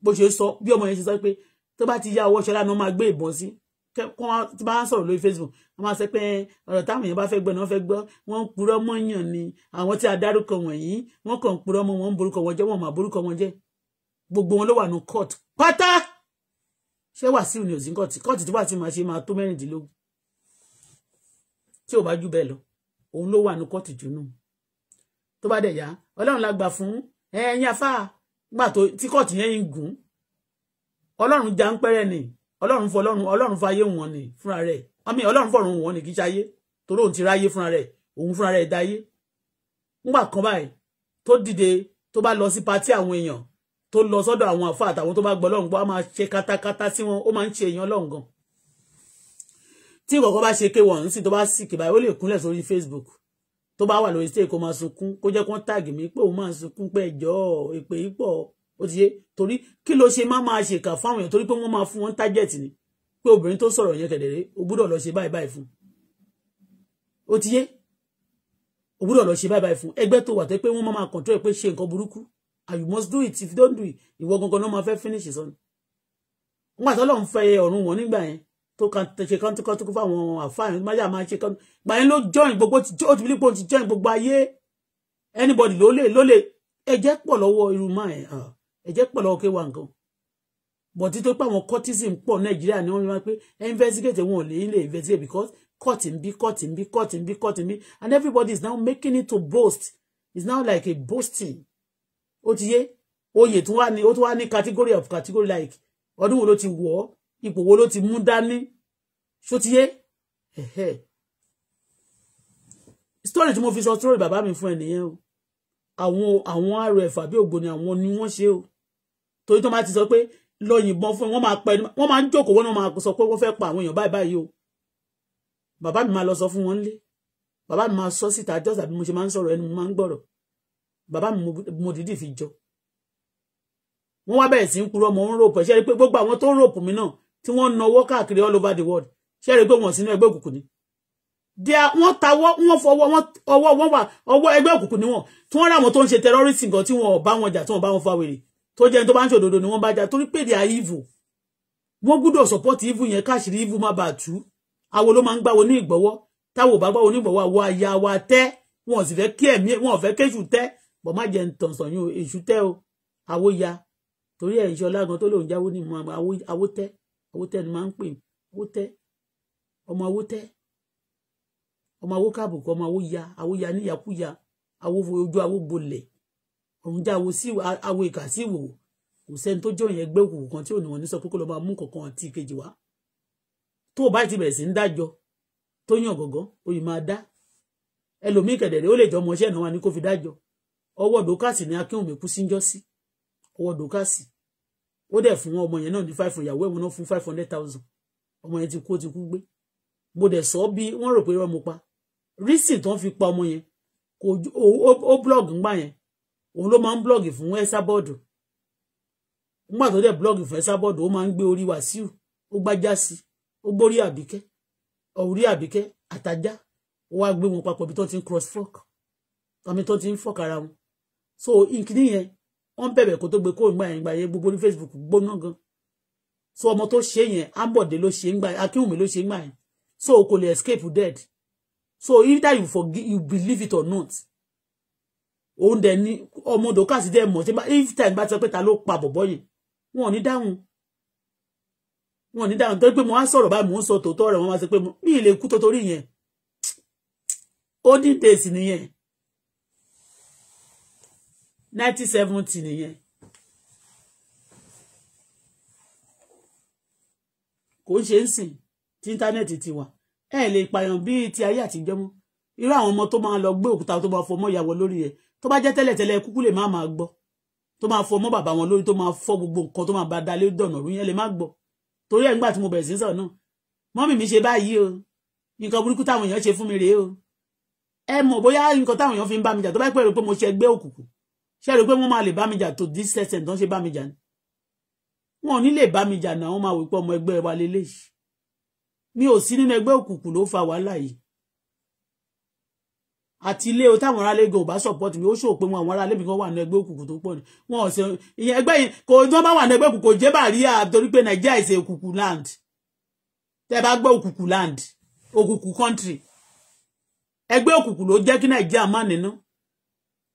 bó ṣe sọ bí ọmọ yẹn ṣe sọ pé tó bá ti yá owó ṣọlá ni wọ́n máa gbé ìbọn sí kọ́ tí bá ń sọ̀rọ̀ lórí facebook wọ́n máa sọ pé ọ̀rọ̀ táwọn èèyàn bá fẹ́ gbọ́ ni wọ́n fẹ́ gbọ́ wọ́n ń purọ́ mọ́yàn ni àwọn tí a dárúkọ wọ̀nyí wọ́n kàn ń purọ́ mọ́ wọn ń borúkọ wọn jẹ́ wọn máa borúkọ wọn jẹ́ gbogbo wọn ló wà ní court pátá ṣé wàsíù ni òsín court court tí wàsíù máa ṣe máa tó mẹ́rìndínlógún tí ò bá jù bẹ́ẹ̀ lọ òun ló wà ní court jù nù tó bá dẹ̀ yá ọlọ́run la gbà fún ẹ̀yin afáà nígbà tó tí kọ́ọ̀tù yẹn ń gùn ọlọ́run já ń pẹ́rẹ́ ni ọlọ́run fọ ọlọ́run ọlọ́run fayé wọn ni fúnra rẹ̀ àmì ọlọ́run fọ̀run wọn ni kì í ṣayé torí òun ti ráyé fúnra rẹ̀ òun fúnra rẹ̀ dáyé nígbà kan báyìí tó dìde tó bá lọ sí patí àwọn èèyàn tó lọ sọ́dọ̀ àwọn àfa àtàwọn tó bá gbọ́ ọlọ́run gbọ́ á máa ṣe katakata sí wọn ó máa ń ṣe èèyàn ọlọ́run gan tí ìkọ̀kọ́ bá ṣe ké wọ̀n sí tó bá sì kébà ó lè kúnlẹ̀ sórí Facebook tó bá wà lórí stage kó máa sunkún kó jẹ́ kó tag mi pé òun máa sunkún pé ẹjọ́ èpè yìí pọ̀ ó ti yé torí kí ló ṣe má máa ṣèkà fáwọn èèyàn torí pé wọ́n máa fún wọn target ni pé obìnrin tó sọ̀rọ̀ yẹn kedere ó gbúdọ̀ lọ ṣe báyìí báyìí fún ó ti yé ó gbúdọ̀ lọ ṣe báyìí báyìí fún ẹgbẹ́ tó wà tó pé wọ́n máa control pé ṣe nǹkan burúkú and you must do it if you don't do it ìwọ gangan ló máa fẹ́ finish sọ ni wọn àtọ́lọ́ ń fẹ́ ọ̀run wọn nígbà yẹn tó kan ṣe kan tó kan tó kó fáwọn àfáàyàn má yà máa ṣe kan gbà yín ló join gbogbo ó ti bílípò ti join gbogbo ayé anybody ló lè ló lè ẹ̀jẹ̀ pọ̀ lọ́wọ́ irú máa ah, ẹ ẹ̀jẹ̀ pọ̀ lọ́wọ́ kéwà nǹkan but tó pé àwọn courtism pọ̀ nàìjíríà ni wọ́n máa pé investigate wọn ò lè ilé investigate because court ń bí court ń bí court ń bí court ń bí and everybody is now making it to boast it's now like a boasting ó ti yé oyè tún wá ní ó tún wá ní category of category like ọdún wo ló ti wọ̀ ọ́ ipò wo ló ti mú dání ṣó ti yé story tí mo fi sọ story bàbá mi fún ẹ nìyẹn o àwọn àwọn rf àbí ògbóni àwọn ni wọ́n ṣe o torí tó máa ti sọ pé lọ yìnbọn fún wọn máa pa ẹni wọ́n máa ń jókòó wọn máa sọ pé wọ́n fẹ́ pa àwọn èèyàn báyìí báyìí o bàbá mi máa lọ sọ fún wọn nílé bàbá mi máa sọ síta just àbí mo ṣe máa ń sọ̀rọ̀ ẹni mo máa ń gbọ̀rọ̀ bàbá mi mo dìídì fi jọ wọ́n wá bẹ̀rẹ̀ sí ń purọ́ mọ́ ń ròpọ̀ ṣe é pé gbogbo àwọn tó ń ròpọ̀ mi náà tí wọ́n nawọ́ káàkiri all over the world ṣé rí pé wọ́n sínú ẹgbẹ́ òkùnkùn ni wọ́n tawọ́ wọ́n fọwọ́ ọwọ́ wọ́n wà ọwọ́ ẹgbẹ́ òkùnkùn ni wọ́n tí wọ́n ráwọn tó ń ṣe terrorism gan tí wọ́n bá wọn jà tí wọ́n bá wọn fa wèrè tó jẹ́ tó bá ń ṣe òdodo ni wọ́n bá jà torí pé they are evil wọ́n gbúdọ̀ support evil yẹn káàṣírí evil má bàa tú àwo ló máa ń gbáwo ní ìgbọ́wọ́ táwo bá gbáwo ní ìgbọ́wọ́ àwo àyà wa tẹ́ wọn ò sì fẹ́ kí ẹ̀mí wọn ò fẹ́ kéṣù tẹ́ bọ̀ má jẹ́ ntọ̀sán yín èṣù tẹ́ o àwo ya torí ẹ̀ ìṣọlá gan tó lòun jáwó ní mu àwo tẹ́ Awótẹ́ ni máa ń pè Awótẹ́ ọmọ Awótẹ́ ọmọ awó kábùkù ọmọ awó ya awó ya níyàkúya awó ojú awó gbolẹ̀ òun jẹ́ awó sí awó ìkà sí ìwòwò kò sẹ́ni tó jọyìn ẹgbẹ́ òkùnkùn kan tí ò ní wọn ní sọ pé kó lọ máa mú kankan àti ìkejì wá tó o bá ti bẹ̀rẹ̀ sí ń dájọ́ tó yàn gọ̀gán oyè máa dá ẹlòmíì kẹ̀dẹ̀rẹ̀ ó lè jọ ọmọọṣẹ́ náà wá ní fi dájọ́ ọwọ́ dókàsì ni akínwùmí kú síjọ́ ọwọ́ dókàsì ó dẹ̀ fún ọmọ yẹn náà ní five hundred ìyàwó ẹ̀wọ̀n náà fún five hundred thousand ọmọ yẹn ti kú ó ti kú gbé mo dẹ̀ sọ bí wọ́n rò pé irọ́ mo pa reason tó ń fi pa ọmọ yẹn kò ó blog ńgbà yẹn òun ló máa ń blog fún ẹ́sà bọ́ọ̀dù ńgbà tó dẹ̀ blog fún ẹ́sà bọ́ọ̀dù ó máa ń gbé orí Wàsíù ó gbájá sí ó gbórí Àbíkẹ́ orí Àbíkẹ́ àtajá ó wá gbé wọn papọ̀ bí tó ti ń cross fork tọ́mi tó ti ń fọ́k ara wọn so ìkíní yẹn wọ́n bẹ̀bẹ̀ kó tó gbé kóòrùn gbà yẹn gbà yẹn gbogbo ní Facebook gbóná gan so ọmọ tó ṣe yẹn Ambode ló ṣe ń gbà yẹn Akínwùmí ló ṣe ń gbà yẹn so o kò lè escape dead so either you forgive you believe it or not òun dẹ̀ ni ọmọ odò kàsí dẹ̀ mọ̀ ṣe bá if time bá ti sọ pé ta ló pa bọ̀bọ̀ yẹn wọn ò ní dáhùn wọn ò ní dáhùn torí pé mo wá sọ̀rọ̀ báyìí mo ń sọ tòótọ́ rẹ̀ wọ́n wá sọ pé mi ì lè kú tó torí yẹn ó ní days nìyẹn nineteen seventy nìyẹn kò ń ṣe ń sìn tí íńtánẹ́ẹ̀tì ti wà ẹ lè pààyàn bíi ti ayé àtijọ́ mọ́ irú àwọn ọmọ tó máa lọ gbé òkúta tó máa fọmọ ìyàwó lórí ẹ̀ tó bá jẹ́ tẹ́lẹ̀tẹ́lẹ̀ kúkú lè má máa gbọ́ tó máa fọmọ bàbá wọn lórí tó máa fọ gbogbo nǹkan tó máa bá dalé dọ̀nà rú yẹn lè má gbọ́ torí ẹ̀ ńgbà tí mo bẹ̀rẹ̀ sí sọ̀rọ̀ náà mọ́mì mi ṣe báyìí o nǹkan burúkú táwọn èèyàn ṣe fún mi rèé o ẹ mọ̀ bóyá nǹkan táwọn èèyàn fi ń bá mi jà tó bá pẹ̀lú pé mo ṣe ẹgbẹ́ òkùnkùn ṣe rò pé wọ́n máa lè bá mi jà tó this extent tán ṣe bá mi jà ni wọn ò ní lè bá mi jà náà wọ́n máa wò pé ọmọ ẹgbẹ́ wa lélẹ́yìí mi ò sí nínú ẹgbẹ́ òkùnkùn ló fa wàhálà yìí àti ilé o táwọn aráalé gan ò bá support mi ó ṣòwò pé wọn àwọn aráalé mi kan wà ní ẹgbẹ́ òkùnkùn tó pọ̀ ni wọn ò ṣe ìyẹn ẹgbẹ́ yìí kò tí wọ́n bá wà ní ẹgbẹ́ òkùnkùn kò jẹ́ bàríà torí pé nàìjíríà ìṣe òkùnkùn land tẹ́ bá gbọ́ òkùnkùn land òkùnkùn country ẹgbẹ́ òkùnkùn ló jẹ́ kí nàìjíríà má nínú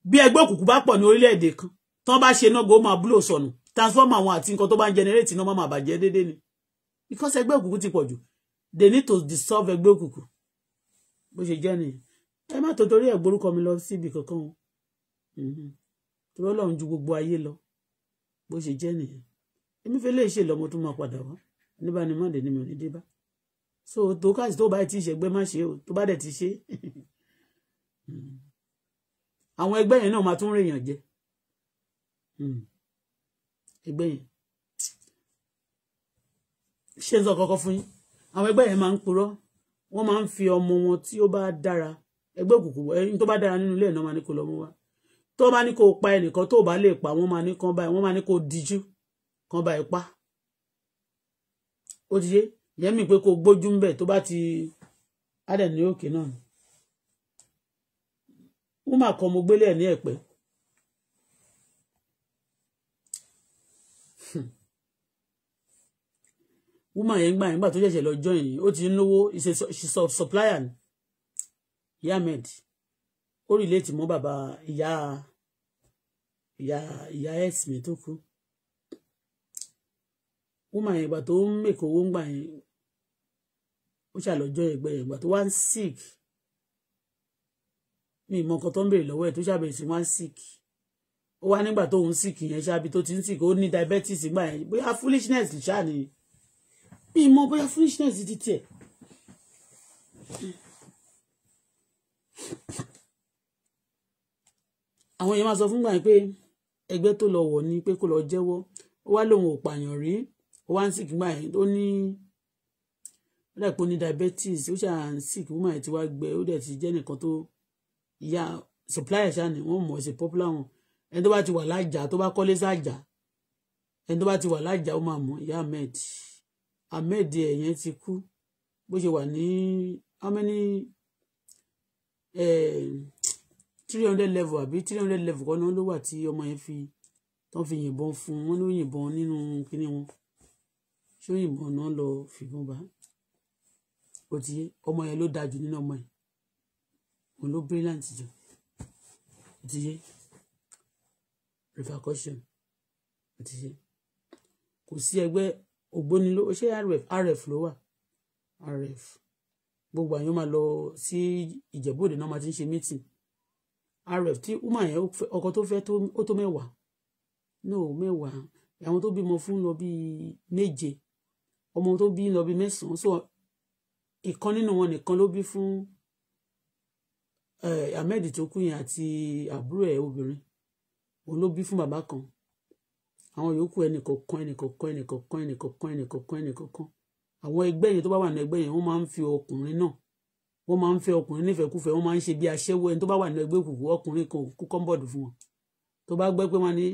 bí ẹgbẹ́ òkùnkùn bá pọ̀ ní orílẹ̀-èdè kan tán bá ṣe náà gbọ́n máa búlò sọnù transformer àwọn àti nǹkan tó bá ń generate iná máa bàjẹ́ déédéé ni because ẹgbẹ́ òkùnkùn ti pọ̀ jù they need to dissolve ẹgbẹ́ òkùnkùn bó ṣe jẹ́ nìyẹn ẹ má tó torí ẹ̀ gborúkọ mi lọ síbi kankan o mhm. torí ọlọ́run ju gbogbo ayé lọ bó ṣe jẹ́ nìyẹn èmi fẹ́ lè ṣe lọ́mọ tó máa padà wá níbà ni mọ́ndé ni mi ò ní dé bá so tó káàsì tó bá ti ṣẹgbẹ́ má ṣe o tó bá dẹ̀ ti ṣe. Mhm àwọn ẹgbẹ́ yẹn náà máa tún rèèyàn jẹ hmm. ẹgbẹ́ yẹn ṣé ń sọ kọ́kọ́ fún yín àwọn ẹgbẹ́ yẹn máa ń purọ́ wọ́n máa ń fi ọmọ wọn tí ó bá dára ẹgbẹ́ òkùnkùn ẹni tó bá dára nínú ilé ẹ̀ náà máa ní kó lọ́mọ wá tó bá ní kó pa ẹnìkan tó bá lè pa wọ́n máa ní kán báyìí wọ́n máa ní kó dijú kán báyìí pa ó ti yé yẹ́n pé kó gbójú ń bẹ̀ tó bá ti adẹ̀ ní òkè náà ni ó mà kàn mo gbélé ẹ̀ ní ẹ̀pẹ́. Hmm. woman yẹn gbà yẹn gbà tó ṣẹ̀ṣẹ̀ lọ join ó ti ń lówó ṣe supplier ni ìyá med ó relate mọ́ bàbá ìyá ìyá ìyá x mi tó kú woman yẹn gbà tó ń mèkó owó ń gbà yẹn ó ṣàlọ́jọ́ ẹgbẹ́ yẹn gbà tó wá ń sick mi ìmọ̀ nǹkan tó ń béèrè lọ́wọ́ ẹ̀ tó ṣàbẹ̀wò sí máa ń sick ó wá nígbà tó ń sick yẹn ṣáàbí tó ti ń sick ó ní diabetes gbà yẹn bóyá foolishness ṣáà ni mi ìmọ̀ bóyá foolishness ti tiẹ̀. àwọn èèyàn máa sọ fúngbà yẹn pé ẹgbẹ́ tó lọ wọ̀ ni pé kó lọ jẹ́wọ́ ó wá lòun ò pààyàn rí ó wá ń sick gbà yẹn ó ní ó dẹ̀ pé ó ní diabetes ó ṣà ń sick ó mà ti wá gbẹ ó dẹ̀ ti jẹ́ nìkan tó ìyá supplier ṣáà ni wọ́n mọ̀ ṣe popular wọn ẹni tó bá ti wà lájà tó bá kọ́lé sájà ẹni tó bá ti wà lájà ó máa mọ̀ ìyá ahmed ahmed ẹ̀yẹn ti kú bó ṣe wà ní how many three hundred level àbí three hundred level kan náà ló wà tí ọmọ yẹn fi tán fi yìnbọn fún wọn ló yìnbọn nínú kíní wọn ṣó yìnbọn náà lọ fìbọn bá ó ti ọmọ yẹn ló dájú nínú ọmọ yẹn òun ló brilliant jù ìdíyé repercussion ìdíyé kò sí ẹgbẹ́ ògbóni ló ṣé rf rf ló wà rf gbogbo àyàn máa lọ sí ìjẹ́bòde náà máa ti ń ṣe meeting rf tí woman yẹn ọkọ tó fẹ́ ó tó mẹ́wàá no mẹ́wàá àwọn tó bímọ fún lọ bíi méje ọmọ tó bí lọ bíi mẹ́sàn-án so ìkan nínú wọn nìkan ló bí fún Eh, ahmed tó kú yẹn àti àbúrò ẹ̀ obìnrin òun ló bí fún bàbá kan àwọn yòókù ẹnìkọ̀ọ̀kan ẹnìkọ̀ọ̀kan ẹnìkọ̀ọ̀kan ẹnìkọ̀ọ̀kan ẹnìkọ̀ọ̀kan ẹnìkọ̀ọ̀kan àwọn ẹgbẹ́ yẹn tó bá wà ní ẹgbẹ́ yẹn wọ́n máa ń fi ọkùnrin náà wọ́n máa ń fẹ́ ọkùnrin nífẹ̀ẹ́kúfẹ̀ẹ́ wọ́n máa ń ṣe bí aṣẹ́wó ẹni tó bá wà ní ẹgbẹ́ òkùnkùn ọkùnrin kan kú kọ́ńbọ̀dù fún wọn tó bá gbẹ́ pé wọ́n ní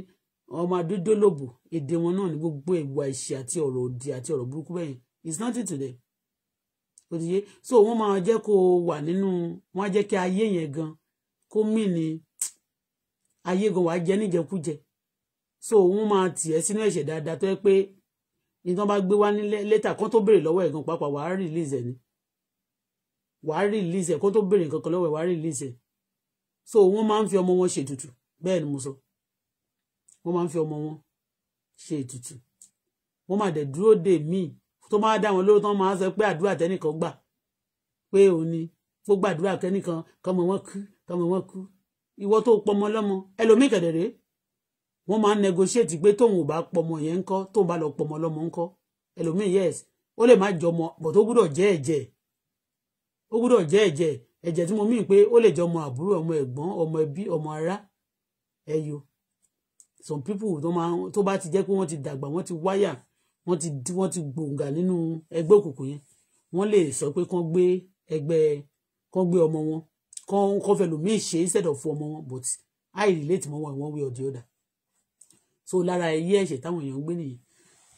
ọmọ adúdólòbò èdè wọn náà ní gbogbo ìwà ìṣe àti ọ̀rọ̀ òdì àti ọ̀rọ̀ burúkú bẹ́yẹn it's nothing to them ó so wọ́n máa jẹ́ kó wà nínú wọ́n á jẹ́ kí ayé yẹn gan kó mì ní ayé gan wàá jẹ́ níjẹkújẹ so wọ́n máa tì ẹ́ sínú ẹ̀ṣẹ̀ dáadáa tó yẹ pé ìtàn bá gbé wá ní lẹ́tà kan tó béèrè lọ́wọ́ ẹ̀ gan pàápàá wàá rìlíìsì ẹ̀ ni wàá rìlíìsì ẹ̀ kó tó béèrè nǹkan lọ́wọ́ ẹ̀ wàá rìlíìsì ẹ̀ so wọ́n máa ń fi ọmọ wọn ṣètùtù bẹ́ẹ̀ ni mo sọ wọ́n máa ń fi ọmọ wọn ṣètùtù wọ́n máa dẹ̀ dúró dè míì tó máa dá wọn lóró tán máa sọ pé àdúrà tẹnìkan gbà pé òun ni gbogbo àdúrà kẹnìkan kọmọ wọn kú kọmọ wọn kú ìwọ tó pọmọ lọmọ ẹlòmíì kẹdẹrẹ wọn máa ń negotiate pé tóun ò bá pọmọ yẹn ńkọ́ tóun bá lọ pọmọ lọmọ ńkọ́ ẹlòmíì yes ó lè má jọmọ but ó gbúdọ̀ jẹ́ ẹ̀jẹ̀ ó gbúdọ̀ jẹ́ ẹ̀jẹ̀ ẹ̀jẹ̀ tí mo mí pé ó lè jọmọ àbúrò ọmọ ẹ̀gbọ́n ọmọ ẹbí ọmọ ará ẹyọ some people tó bá ti jẹ́ pé wọ́n ti dàgbà wọ́n ti wáyà wọ́n ti wọ́n ti gbòǹgà nínú ẹgbẹ́ òkùnkùn yẹn wọ́n lè sọ pé kán gbé ẹgbẹ́ kán gbé ọmọ wọn kán kán fẹ́ lòmí ìṣe instead of ọmọ wọn but i relate mọ́ wọn in one way or the other so lára ẹyẹ ẹ̀ṣẹ̀ táwọn èèyàn ń gbé nìyẹn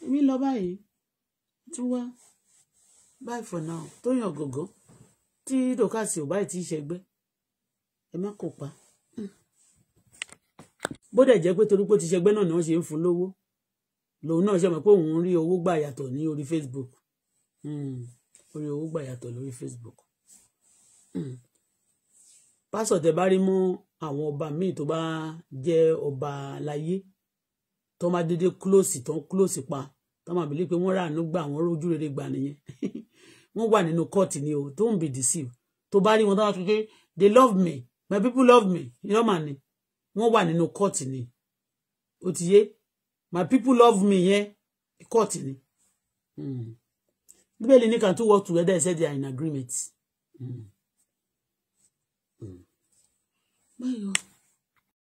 èmi lọ báyìí tún wá bye for now Tóyìn Ògògó tí dòkàsì ò báyìí ti ṣẹgbẹ́ ẹ má kópa bó dẹ̀ jẹ́ pé torí pé ó ti ṣẹgbẹ́ náà ni wọ́n ṣe ń fún lówó lòun náà ṣe mọ̀ pé òun rí owó gbà yàtọ̀ ní orí Facebook orí hmm, owó gbà yàtọ̀ lórí Facebook hmm. pásọ̀ tẹ bá rí mú àwọn ọba míì tó bá jẹ́ ọba láyé tó máa dédé close tó ń close pa tó máa bìlí pé wọ́n ràánú gbà wọ́n rójú rere gbà nìyẹn wọ́n wà nínú court ni o tó ń be deceived tó bá rí wọn tó bá sọ they love me my people love me yọ́mà ni wọ́n wà nínú court ni ó ti yé my people love me yẹn court ni hmm. bíbélì ni can two work together he said they are in agreement. Mm. Mm. Bye.